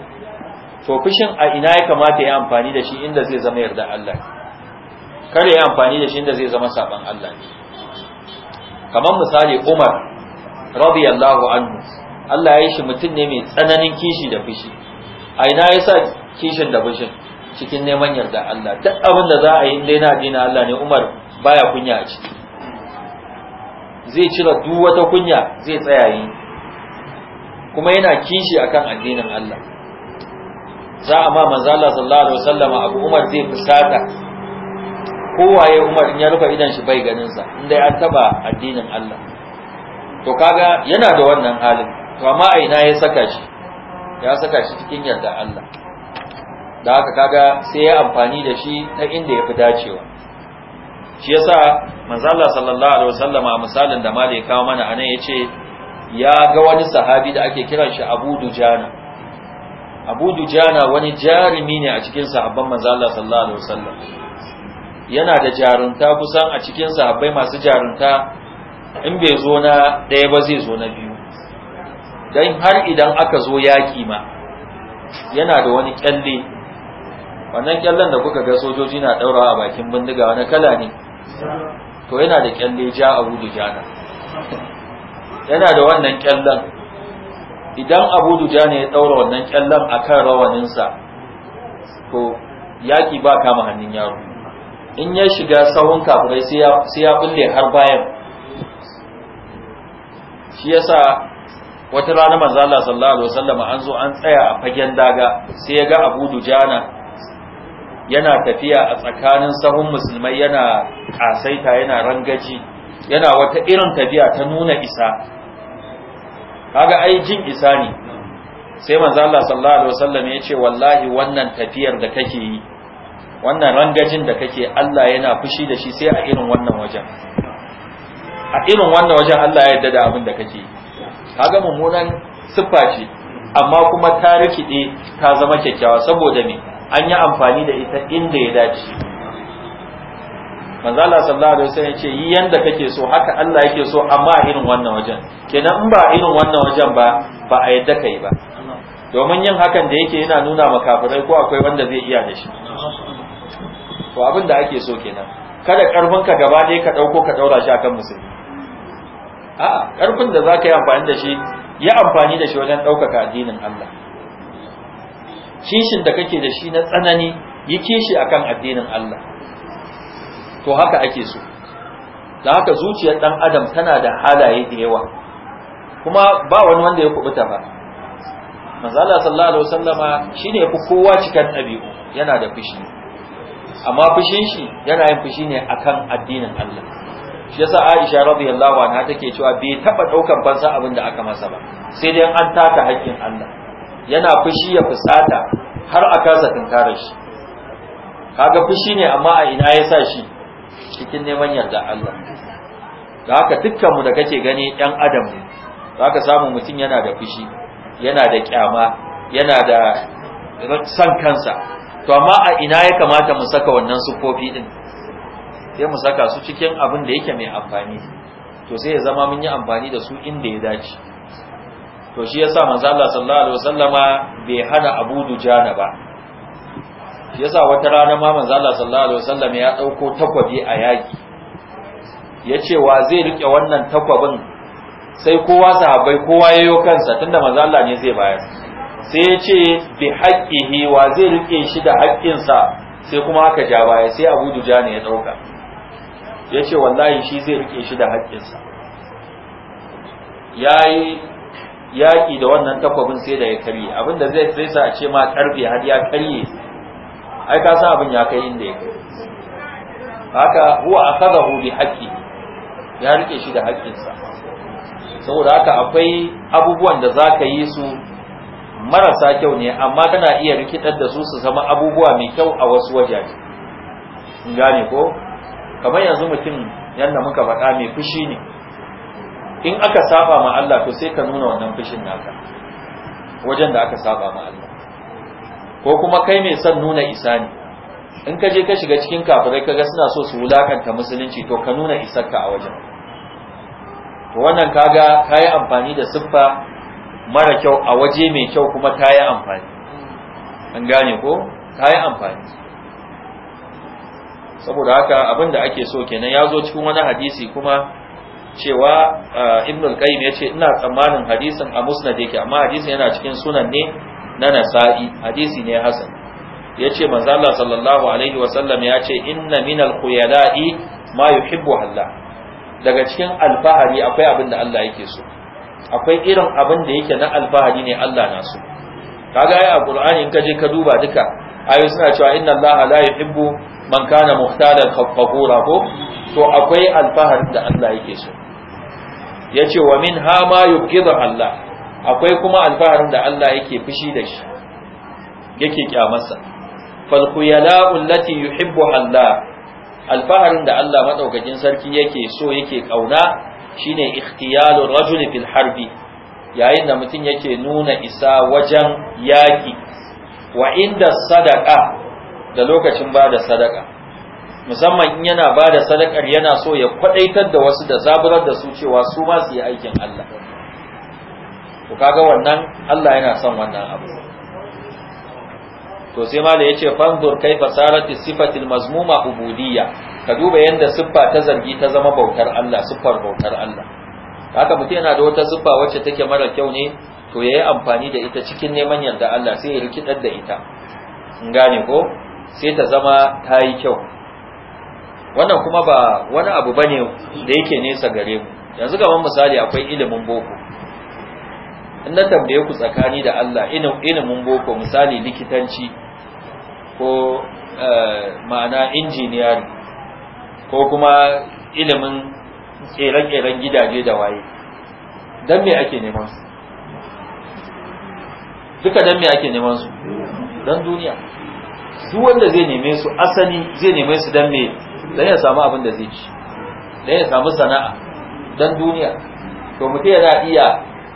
to fushin a ina ya kamata ya amfani da shi inda zai zama yarda Allah kada ya amfani da shi inda zai zama saban Allah kamar misali Umar radiyallahu anhu Allah ya yi shi mutum ne mai tsananin kishi da fushi a ina ya sa kishin da fushin cikin neman yarda Allah duk abin da za a yi dai na dina Allah ne Umar baya kunya a ciki zai cire duk wata kunya zai tsaya yi kuma yana kishi akan addinin Allah za a ma manzo Allah sallallahu alaihi wasallam Abu Umar zai fusata kowaye Umar in ya rufe idan shi bai ganin sa in dai an taba addinin Allah to kaga yana da wannan halin to amma a ina ya saka shi ya saka shi cikin yarda Allah da haka kaga sai ya amfani da shi ta inda ya fi dacewa shi yasa manzo Allah sallallahu alaihi wasallama a misalin da mali ya kawo mana anan yace ya ga wani sahabi da ake kiran shi Abu Dujana Abu Dujana wani jarumi ne a cikin sahabban manzo sallallahu alaihi wasallam yana da jarunta kusan a cikin sahabbai masu jarunta in bai zo na ɗaya ba zai zo na biyu don har idan aka zo yaƙi ma yana da wani kyalle wannan kyallen da kuka ga sojoji na ɗaura a bakin bindiga wani kala ne to yana da kyalle ja a gudu jana yana da wannan kyallen idan abu jana ya ɗaura wannan kyallen a kan rawaninsa to yaƙi ba kama hannun yaro in ya shiga sahun kafirai sai ya kulle har bayan shi yasa wata rana manzo Allah sallallahu alaihi wasallam an zo an tsaya a fagen daga sai ya ga Abu Dujana yana tafiya a tsakanin sahun musulmai yana kasaita yana rangaji yana wata irin tafiya ta nuna isa kaga ai jin isa ne sai manzo Allah sallallahu alaihi wasallam ya ce wallahi wannan tafiyar da kake yi wannan rangajin da kake Allah yana fushi da shi sai a irin wannan wajen a irin wannan wajen Allah ya yarda abin da kake kaga mummunan siffa ce amma kuma ta rikide ta zama kyakkyawa saboda me an yi amfani da ita inda ya dace manzo Allah sallallahu alaihi wasallam ce yi yanda kake so haka Allah yake so amma a irin wannan wajen kenan in ba a irin wannan wajen ba ba a yadda kai ba domin yin hakan da yake yana nuna makafirai ko akwai wanda zai iya da shi to abin da ake so kenan kada ka gaba ɗaya ka ɗauko ka ɗaura shi akan musulmi a'a karfin da za ka yi amfani da shi ya amfani da shi wajen ɗaukaka addinin Allah kishin da kake da shi na tsanani yi kishi akan addinin Allah to haka ake so da haka zuciyar ɗan adam tana da halaye da yawa kuma ba wani wanda ya kubuta ba manzala sallallahu alaihi wasallama shine yafi kowa cikin ɗabi'u yana da fushi amma fushin shi yana yin fushi ne akan addinin Allah shi yasa Aisha radiyallahu anha take cewa bai taba daukan bansa abin da aka masa ba sai dai an taka hakkin Allah yana fushi ya fusata har a kasa tunkarar shi kaga fushi ne amma a ina ya sa shi cikin neman yarda Allah da haka dukkanmu da kake gani ɗan adam ne zaka samu mutum yana da fushi yana da kyama yana da san kansa to amma a ina ya kamata mu saka wannan sufofi din sai mu saka su cikin abin da yake mai amfani to sai ya zama mun yi amfani da su inda ya dace to shi yasa manzo Allah sallallahu alaihi wasallama bai hana Abu Dujana ba yasa wata rana ma manzo Allah sallallahu alaihi wasallama ya dauko takwabi a yaki yace wa zai rike wannan takwabin sai kowa sahabbai kowa yayyo kansa tunda manzo Allah ne zai bayar sai ya ce bi haqqihi wa zai rike shi da haƙƙinsa sai kuma aka ja baya sai Abu Dujana ya ɗauka. ya ce wallahi shi zai rike shi da haƙƙinsa ya yi yaƙi da wannan takwabin sai da ya karye abinda zai zai sa a ce ma karfe har ya karye ai ka san abin ya kai inda ya kai haka huwa akhadahu bi haqqi ya rike shi da haƙƙinsa saboda haka akwai abubuwan da zaka yi su marasa kyau ne amma kana iya rikidar da su su zama abubuwa mai kyau a wasu wajaje gane ko kamar yanzu mutum yadda muka faɗa mai fushi ne in aka saba ma Allah to sai ka nuna wannan fushin naka wajen da aka saba ma Allah ko kuma kai mai son nuna isa ne in ka je ka shiga cikin kafirai kaga suna so su wulakanta musulunci to ka nuna ka a wajen to wannan kaga kayi amfani da siffa mara kyau a waje mai kyau kuma ta yi amfani an gane ko ta yi amfani saboda haka abin da ake so kenan ya zo cikin wani hadisi kuma cewa uh, ibn al-qayyim ya ce ina tsammanin hadisin a musnad yake amma hadisin yana cikin sunan ne na nasa'i hadisi ne hasan ya ce manzo Allah sallallahu alaihi wa sallam ya ce inna min al-khuyala'i ma yuhibbu Allah daga cikin alfahari akwai abin da Allah yake so akwai irin abin da yake na alfahari ne Allah na so kaga ai a Qur'ani in ka je ka duba duka ayoyi suna cewa inna Allah la yuhibbu man kana muhtalan fakhura ko to akwai alfaharin da Allah yake so yace wa min ha ma yuqidu Allah akwai kuma alfaharin da Allah yake fushi da shi yake kyamarsa fal khuyala allati yuhibbu Allah alfaharin da Allah madaukakin sarki yake so yake kauna shine ikhtiyalu rajuli fil harbi yayin da mutum yake nuna isa wajen yaki wa inda sadaqa da lokacin ba da sadaka musamman in yana ba da sadakar yana so ya kwadaitar da wasu da zaburar da su cewa su ma su yi aikin Allah to kaga wannan Allah yana son wannan abu to sai malai yace fanzur kaifa sarati sifatil almazmuma ubudiyya ka duba yanda siffa ta zargi ta zama bautar Allah siffar bautar Allah haka mutum yana da wata siffa wacce take mara kyau ne to yayi amfani da ita cikin neman yarda Allah sai ya rikidar da ita in gane ko sai ta zama ta yi kyau wannan kuma ba wani abu bane da yake nesa gare mu yanzu gaban misali akwai ilimin boko in na tambaye ku tsakani da Allah ilimin boko misali likitanci ko eh, ma'ana injiniyari ko kuma ilimin tseren-tseren gidaje da waye don me ake neman su duka don me ake neman su don duniya duk wanda zai neme su asali zai neme su dan me dan ya samu abin da zai ci dan ya samu sana'a dan duniya to mutum yana iya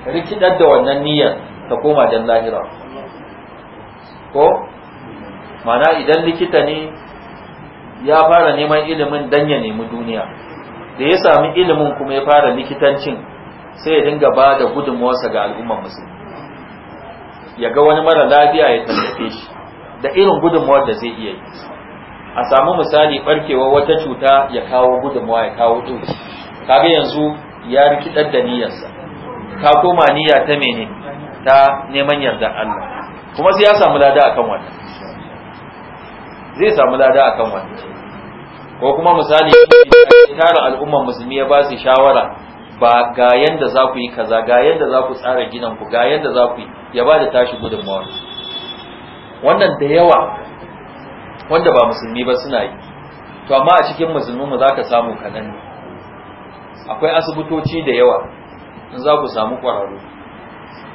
rikidar da wannan niyyar ta koma dan lahira ko mana idan likita ne ya fara neman ilimin dan ya nemi duniya da ya sami ilimin kuma ya fara likitancin sai ya dinga ba da gudunmawarsa ga al'ummar musulmi ya ga wani mara lafiya ya tallafe shi da irin gudunmawar da zai iya yi a samu misali barkewar wata cuta ya kawo gudunmawa ya kawo ɗauki kaga yanzu ya rikidar da niyyarsa ka koma niyya ta mene ta neman yardar Allah kuma sai ya samu lada akan wannan zai samu lada akan wannan ko kuma misali tara al'ummar musulmi ya ba su shawara ba ga yanda za ku yi kaza ga yanda za ku tsara gidan ku ga yanda za ku yi ya ba da tashi gudunmawar wannan da yawa wanda ba musulmi ba suna yi to amma a cikin musulmi mu zaka samu kadan ne akwai asibitoci da yawa in za ku samu ƙwararru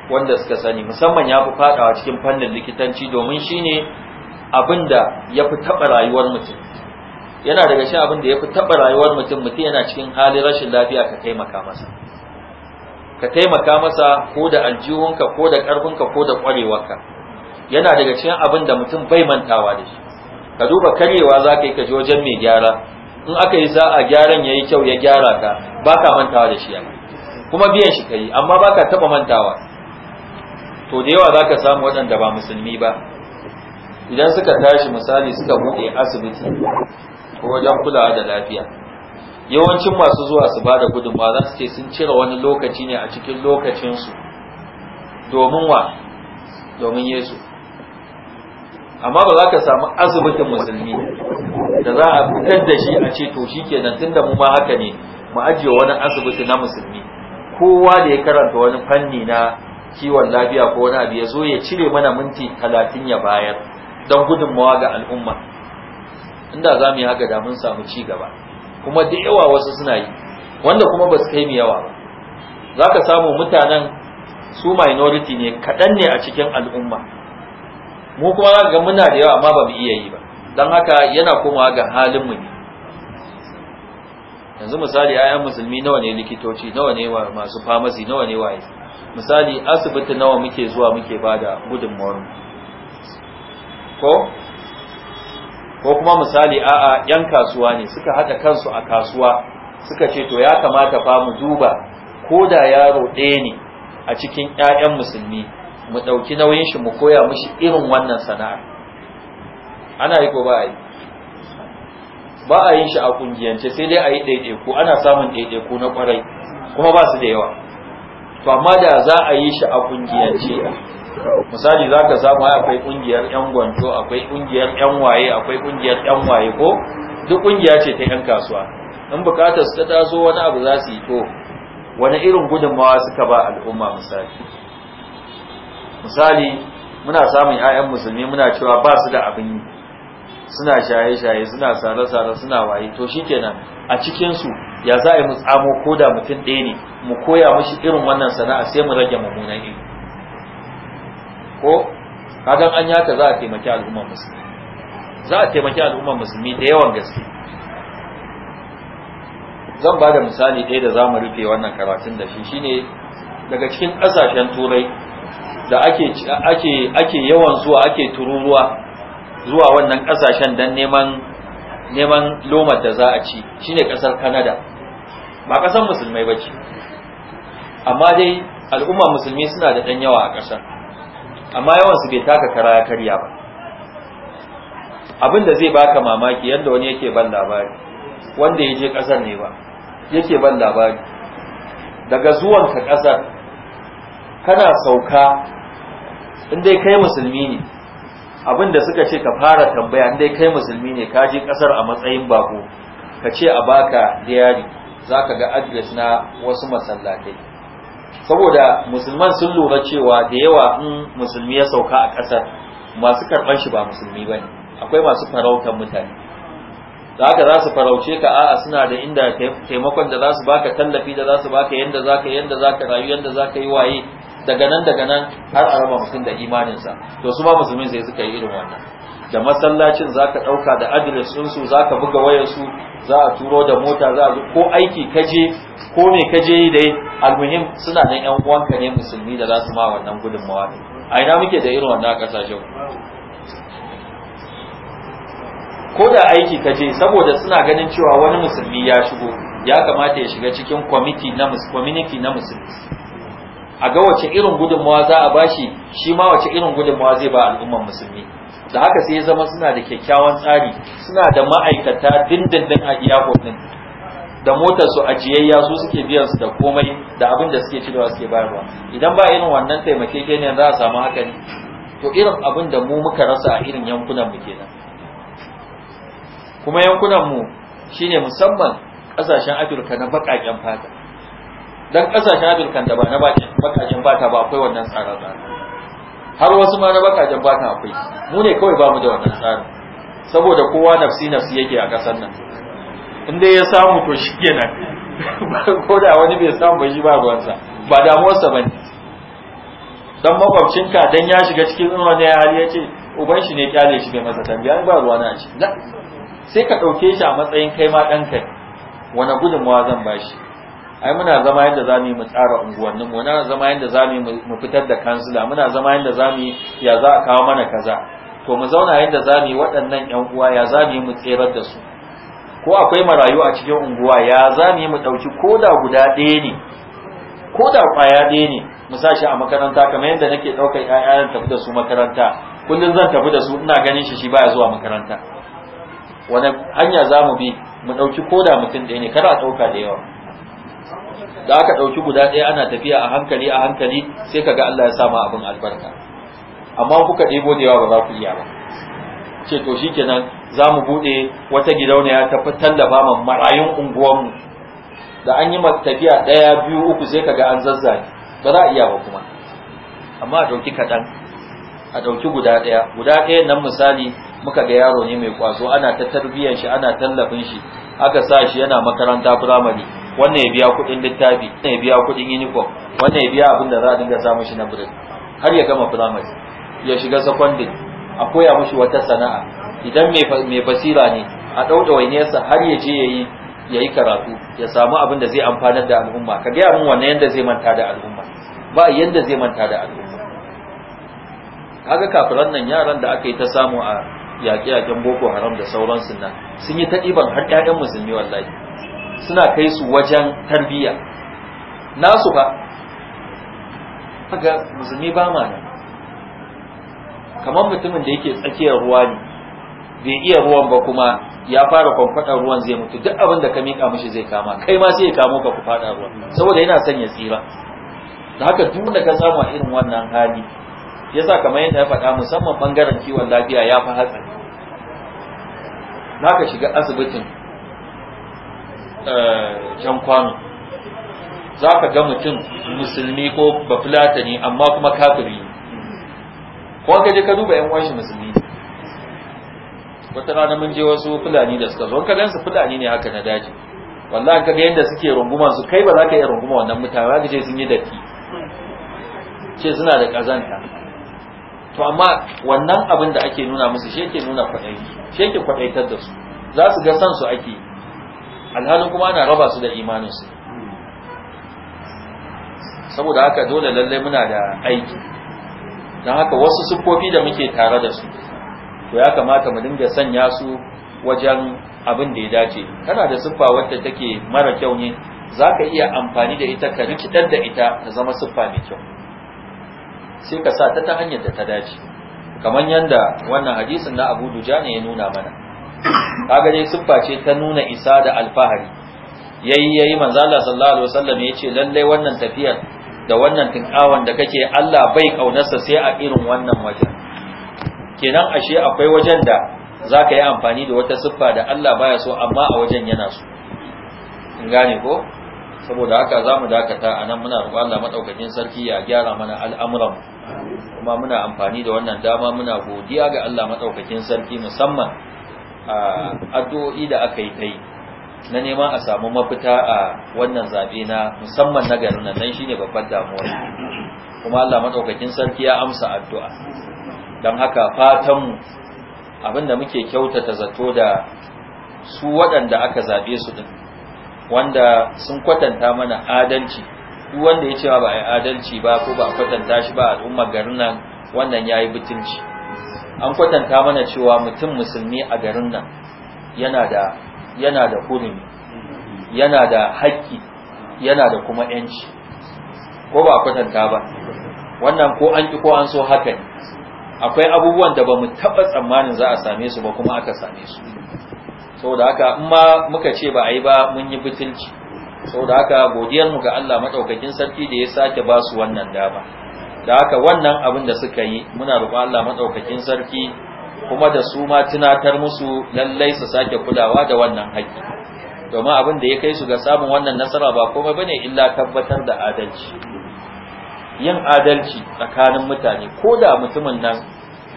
wanda suka sani musamman ya fi fadawa cikin fannin likitanci domin shine abin da ya fi taɓa rayuwar mutum yana daga shi abinda ya fi taɓa rayuwar mutum mutum yana cikin halin rashin lafiya ka taimaka masa ka taimaka masa ko da aljihunka ko da ƙarfinka ko da ƙwarewarka yana daga cikin abin da mutum bai mantawa da shi ka duba karyewa za ka yi ka wajen mai gyara in aka yi za a gyaran ya yi kyau ya gyara ka ba ka mantawa da shi kuma biyan shi ka yi amma ba ka taɓa mantawa to da yawa za ka samu waɗanda ba musulmi ba idan suka tashi misali suka buɗe asibiti ko wajen kulawa da lafiya yawancin masu zuwa su ba da gudunmawa za su ce sun cire wani lokaci ne a cikin lokacinsu domin wa domin yesu amma ba za ka samu asibitin musulmi da za a fitar da shi a ce to shi kenan da mu ma haka ne mu ajiye wani asibiti na musulmi kowa da ya karanta wani fanni na kiwon lafiya ko wani abu ya zo ya cire mana minti talatin ya bayar don gudunmawa ga al'umma inda za mu yi haka da mun samu ci gaba kuma da yawa wasu suna yi wanda kuma ba su kai mu yawa ba za ka samu mutanen su minority ne kaɗan ne a cikin al'umma mu kuma za ga muna da yawa amma ba mu iya yi ba don haka yana komawa ga halin mu ne yanzu misali ayan musulmi nawa ne likitoci nawa ne masu famasi nawa ne waye misali asibiti nawa muke zuwa muke bada gudunmawar mu ko ko kuma misali a'a yan kasuwa ne suka hada kansu a kasuwa suka ce to ya kamata fa mu duba ko da yaro ɗaya ne a cikin 'ya'yan musulmi mu ɗauki nauyin shi mu koya mishi irin wannan sana'ar ana yi ko ba a yi ba a yin shi a kungiyance sai dai a yi ɗaiɗaiku ana samun ɗaiɗaiku na kwarai kuma ba su da yawa to amma da za a yi shi a kungiyance misali za ka samu akwai kungiyar yan gwanto akwai kungiyar yan waye akwai kungiyar yan waye ko duk kungiya ce ta yan kasuwa in bukatar su ta taso wani abu za su yi to wani irin gudunmawa suka ba al'umma misali misali muna samun 'ya'yan musulmi muna cewa ba su da abin yi suna shaye-shaye suna sare-sare suna waye to shikenan a cikin su ya za a mu tsamo ko da mutum ɗaya ne mu koya mushi irin wannan sana'a sai mu rage mummunan ilimi ko kadan an haka za a taimaki al'ummar musulmi za a taimaki al'ummar musulmi da yawan gaske zan ba da misali ɗaya da za mu rufe wannan karatun da shi shine daga cikin ƙasashen turai da ake ake ake yawan zuwa ake tururuwa zuwa wannan kasashen dan neman neman lomar da za a ci shine kasar Canada ba kasar musulmai bace amma dai al'umma musulmi suna da dan yawa a kasar amma yawan su bai taka kara ya karya ba abinda zai baka mamaki yadda wani yake ban labari wanda ya je kasar ne ba yake ban labari daga zuwanka kasar kana sauka in dai kai musulmi ne abin da suka ce ka fara tambaya in dai kai musulmi ne ka je kasar a matsayin bako ka ce a baka diyari za ka ga address na wasu masallatai saboda musulman sun lura cewa da yawa in musulmi ya sauka a kasar masu karban shi ba musulmi ba ne akwai masu farautar mutane da ka za su farauce ka a'a suna da inda taimakon da za su baka tallafi da za su baka yadda za ka yadda za ka rayu yadda za ka yi waye daga nan daga nan har a raba mutum da imaninsa to su ba musulmin sai suka yi irin wannan da masallacin zaka ɗauka da adres din su zaka buga wayar su za a turo da mota za a ko aiki kaje ko me kaje dai almuhim suna nan yan uwanka ne musulmi da za su ma wannan gudunmawa a ina muke da irin wannan kasashen ko da aiki kaje saboda suna ganin cewa wani musulmi ya shigo ya kamata ya shiga cikin kwamiti na musulmi na musulmi a ga wace irin gudunmawa za a bashi shi ma wace irin gudunmawa zai ba al'umman musulmi da haka sai ya zama suna da kyakkyawan tsari suna da ma'aikata dindindin a iyakon din da motar su ajiyayya su suke biyan su da komai da abin da suke cirewa suke bayarwa idan ba irin wannan taimakekeniya za a samu haka ne to irin abin da mu muka rasa a irin yankunan mu kenan kuma yankunan mu shine musamman kasashen afirka na baƙaƙen fata dan kasashen kan da ba na bakajin bata ba akwai wannan tsara tsara har wasu ma na bakajin bata akwai mu ne kawai ba mu da wannan tsarin saboda kowa nafsi nafsi yake a kasar nan in dai ya samu to shi kenan ko da wani bai samu ba shi ba ruwansa ba damuwarsa ba ne dan makwabcinka dan ya shiga cikin ya hali ya ce uban shi ne kyale shi bai masa tambaya ba ruwa na ci sai ka ɗauke shi a matsayin kai ma ɗan kai wani gudunmawa zan ba shi ai muna zama yadda za mu yi mu tsara unguwannin mu muna zama yadda za mu yi mu fitar da kansila muna zama yadda za mu yi ya za a kawo mana kaza to mu zauna yadda za mu yi waɗannan ƴan uwa ya za mu yi mu tserar da su ko akwai marayu a cikin unguwa ya za mu yi mu ɗauki koda guda ɗaya ne koda ƙwaya ɗaya ne mu sa shi a makaranta kamar yadda nake ɗaukar ƴaƴan tafi da su makaranta kullum zan tafi da su ina ganin shi shi baya zuwa makaranta wani hanya za mu bi mu ɗauki koda mutum ɗaya ne kada a ɗauka da yawa da aka ɗauki guda ɗaya ana tafiya a hankali a hankali sai kaga Allah ya sa sama abin albarka amma kuka ɗebo da yawa ba za ku iya ba ce to shikenan za mu buɗe wata gidauniya ta tallafa ma marayun unguwanmu da an yi tafiya ɗaya biyu uku sai kaga an zazzage ba za a iya ba kuma amma a ɗauki kaɗan a ɗauki guda ɗaya guda ɗaya nan misali muka ga yaro ne mai kwazo ana ta tarbiyyar shi ana tallafin shi aka sa shi yana makaranta firamare wannan ya biya kuɗin littafi wannan ya biya kuɗin uniform wannan ya biya abin da za a dinga samun shi na birnin har ya gama firamare ya shiga secondary a koya mushi wata sana'a idan mai basira ne a ɗauɗa wainiyarsa har ya je yayi yayi karatu ya samu abin da zai amfanar da al'umma ka gaya min wannan yanda zai manta da al'umma ba yadda zai manta da al'umma kaga kafiran nan yaran da aka yi ta samu a yaƙe-yaƙen boko haram da sauransu nan sun yi ta ɗiban har 'ya'yan musulmi wallahi suna kai su wajen tarbiyya nasu fa ga musulmi ba ma nan kamar mutumin da yake tsakiyar ruwa ne bai iya ruwan ba kuma ya fara kwamfadar ruwan zai mutu duk abin da ka miƙa mishi zai kama kai ma sai ya kamo ka ku fada ruwa saboda yana son ya tsira da haka duk da ka samu irin wannan hali yasa kamar yadda ya faɗa musamman bangaren kiwon lafiya ya fi hatsari ka shiga asibitin jan eh, kwano za ka ga mutum musulmi ko ne amma kuma kafiri ko ka je ka duba yan uwanshi musulmi wata rana mun je wasu fulani da suka zo ka gansu fulani ne haka na daji wallahi ka ga yadda suke runguma su kai ba za ka iya runguma wannan mutane ba ka ce sun yi datti ce suna da kazanta to amma wannan abin da ake nuna musu shi ke nuna kwaɗayi shi yake kwaɗaitar da su za su ga san su ake alhalin kuma ana raba su da imaninsu saboda haka dole lallai muna da aiki don haka wasu siffofi da muke tare da su to ya kamata mu dinga sanya su wajen abin da ya dace kana da siffa wadda take mara kyau ne za ka iya amfani da ita ka rikidar da ita ta zama siffa mai kyau sai ka sa ta ta hanyar da ta dace kamar yadda wannan hadisin na abu duja ya nuna mana kaga dai siffa ce ta nuna isa da alfahari yayi yayi manzo Allah sallallahu alaihi wasallam yace lalle wannan tafiyar da wannan tinkawan da kake Allah bai kaunarsa sai a irin wannan waje kenan ashe akwai wajen da zaka yi amfani da wata siffa da Allah baya so amma a wajen yana so in gane ko saboda haka zamu dakata anan nan muna roƙon Allah madaukakin sarki ya gyara mana al'amuran kuma muna amfani da wannan dama muna godiya ga Allah maɗaukakin sarki musamman addu'o'i da aka yi ta yi na neman a samu mafita a wannan zabe na musamman na garin nan dan shine babbar damuwa kuma Allah madaukakin sarki ya amsa addu'a dan haka fatan mu abinda muke kyautata zato da su waɗanda aka zabe su din wanda sun kwatanta mana adalci duk wanda ya ce ba a yi adalci ba ko ba a kwatanta shi ba al'ummar garin nan wannan yayi mutunci an kwatanta mana cewa mutum musulmi a garin nan yana da yana da hurumi yana da haƙƙi yana da kuma yanci ko ba kwatanta ba wannan ko an ki ko an so haka ne akwai abubuwan da ba mu taɓa tsammanin za a same su ba kuma aka same su saboda haka in ma muka ce ba a yi ba mun yi butulci saboda haka godiyarmu ga Allah maɗaukakin sarki da ya sake ba su wannan dama da haka wannan abin da suka yi muna roƙon Allah madaukakin sarki kuma da su ma tunatar musu lallai su sake kulawa da wannan haƙƙi domin abin da ya kai su ga samun wannan nasara ba komai bane illa tabbatar da adalci yin adalci tsakanin mutane ko da mutumin nan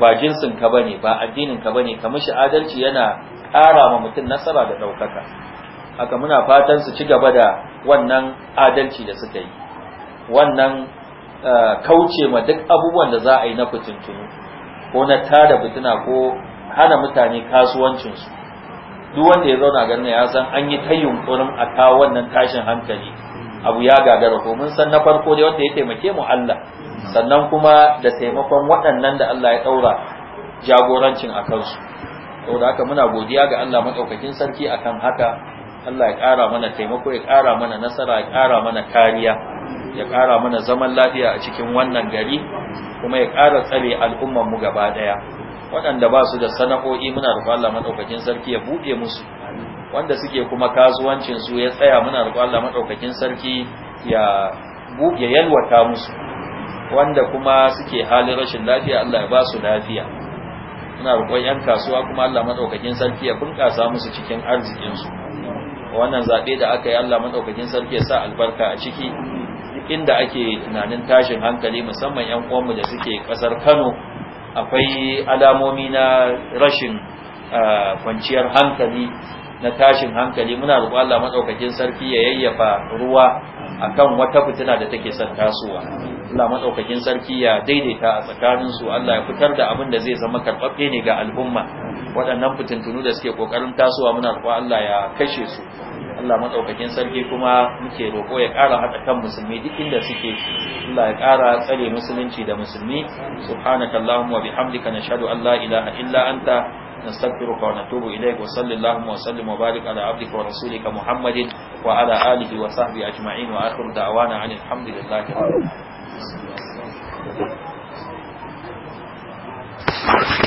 ba jinsin ka bane ba addinin ka bane ka mishi adalci yana ƙara ma mutum nasara da ɗaukaka haka muna fatan su ci gaba da wannan adalci da suka yi wannan kauce ma duk abubuwan da za a yi na fitintunu ko na tada fitina ko hana mutane kasuwancinsu duk wanda ya zauna ganin ya san an yi ta yunkurin a kawo wannan tashin hankali abu ya gagara ko mun san na farko dai wanda ya taimake mu Allah sannan kuma da taimakon waɗannan da Allah ya ɗaura jagorancin a kansu saboda haka muna godiya ga Allah maɗaukakin sarki akan haka Allah ya ƙara mana taimako ya ƙara mana nasara ya ƙara mana kariya ya ƙara mana zaman lafiya a cikin wannan gari kuma ya ƙara tsare al'ummanmu gaba ɗaya waɗanda ba su da sana'o'i muna rufa Allah madaukakin sarki ya buɗe musu wanda suke kuma kasuwancin su ya tsaya muna rufa Allah madaukakin sarki ya buɗe yalwata musu wanda kuma suke halin rashin lafiya Allah ya ba su lafiya muna roƙon 'yan kasuwa kuma Allah madaukakin sarki ya bunƙasa musu cikin arzikin su wannan zabe da aka yi Allah madaukakin sarki ya sa albarka a ciki inda ake tunanin tashin hankali musamman 'yan uwanmu da suke ƙasar kano akwai alamomi na rashin kwanciyar hankali na tashin hankali muna roƙon Allah maɗaukakin sarki ya yayyafa ruwa akan wata fitina da take son tasowa Allah madaukakin sarki ya daidaita a tsakanin su Allah ya fitar da abin da zai zama karbabbe ne ga al'umma waɗannan fitintunu da suke kokarin tasowa muna roƙo Allah ya kashe su Allah madaukakin sarki kuma muke roƙo ya ƙara haɗa kan musulmi duk inda suke Allah ya ƙara tsare musulunci da musulmi subhanakallahumma wa bihamdika nashhadu an la ilaha illa anta نستغفرك ونتوب إليك وصل اللهم وسلم وبارك على عبدك ورسولك محمد وعلى آله وصحبه أجمعين وآخر دعوانا عن الحمد لله رب العالمين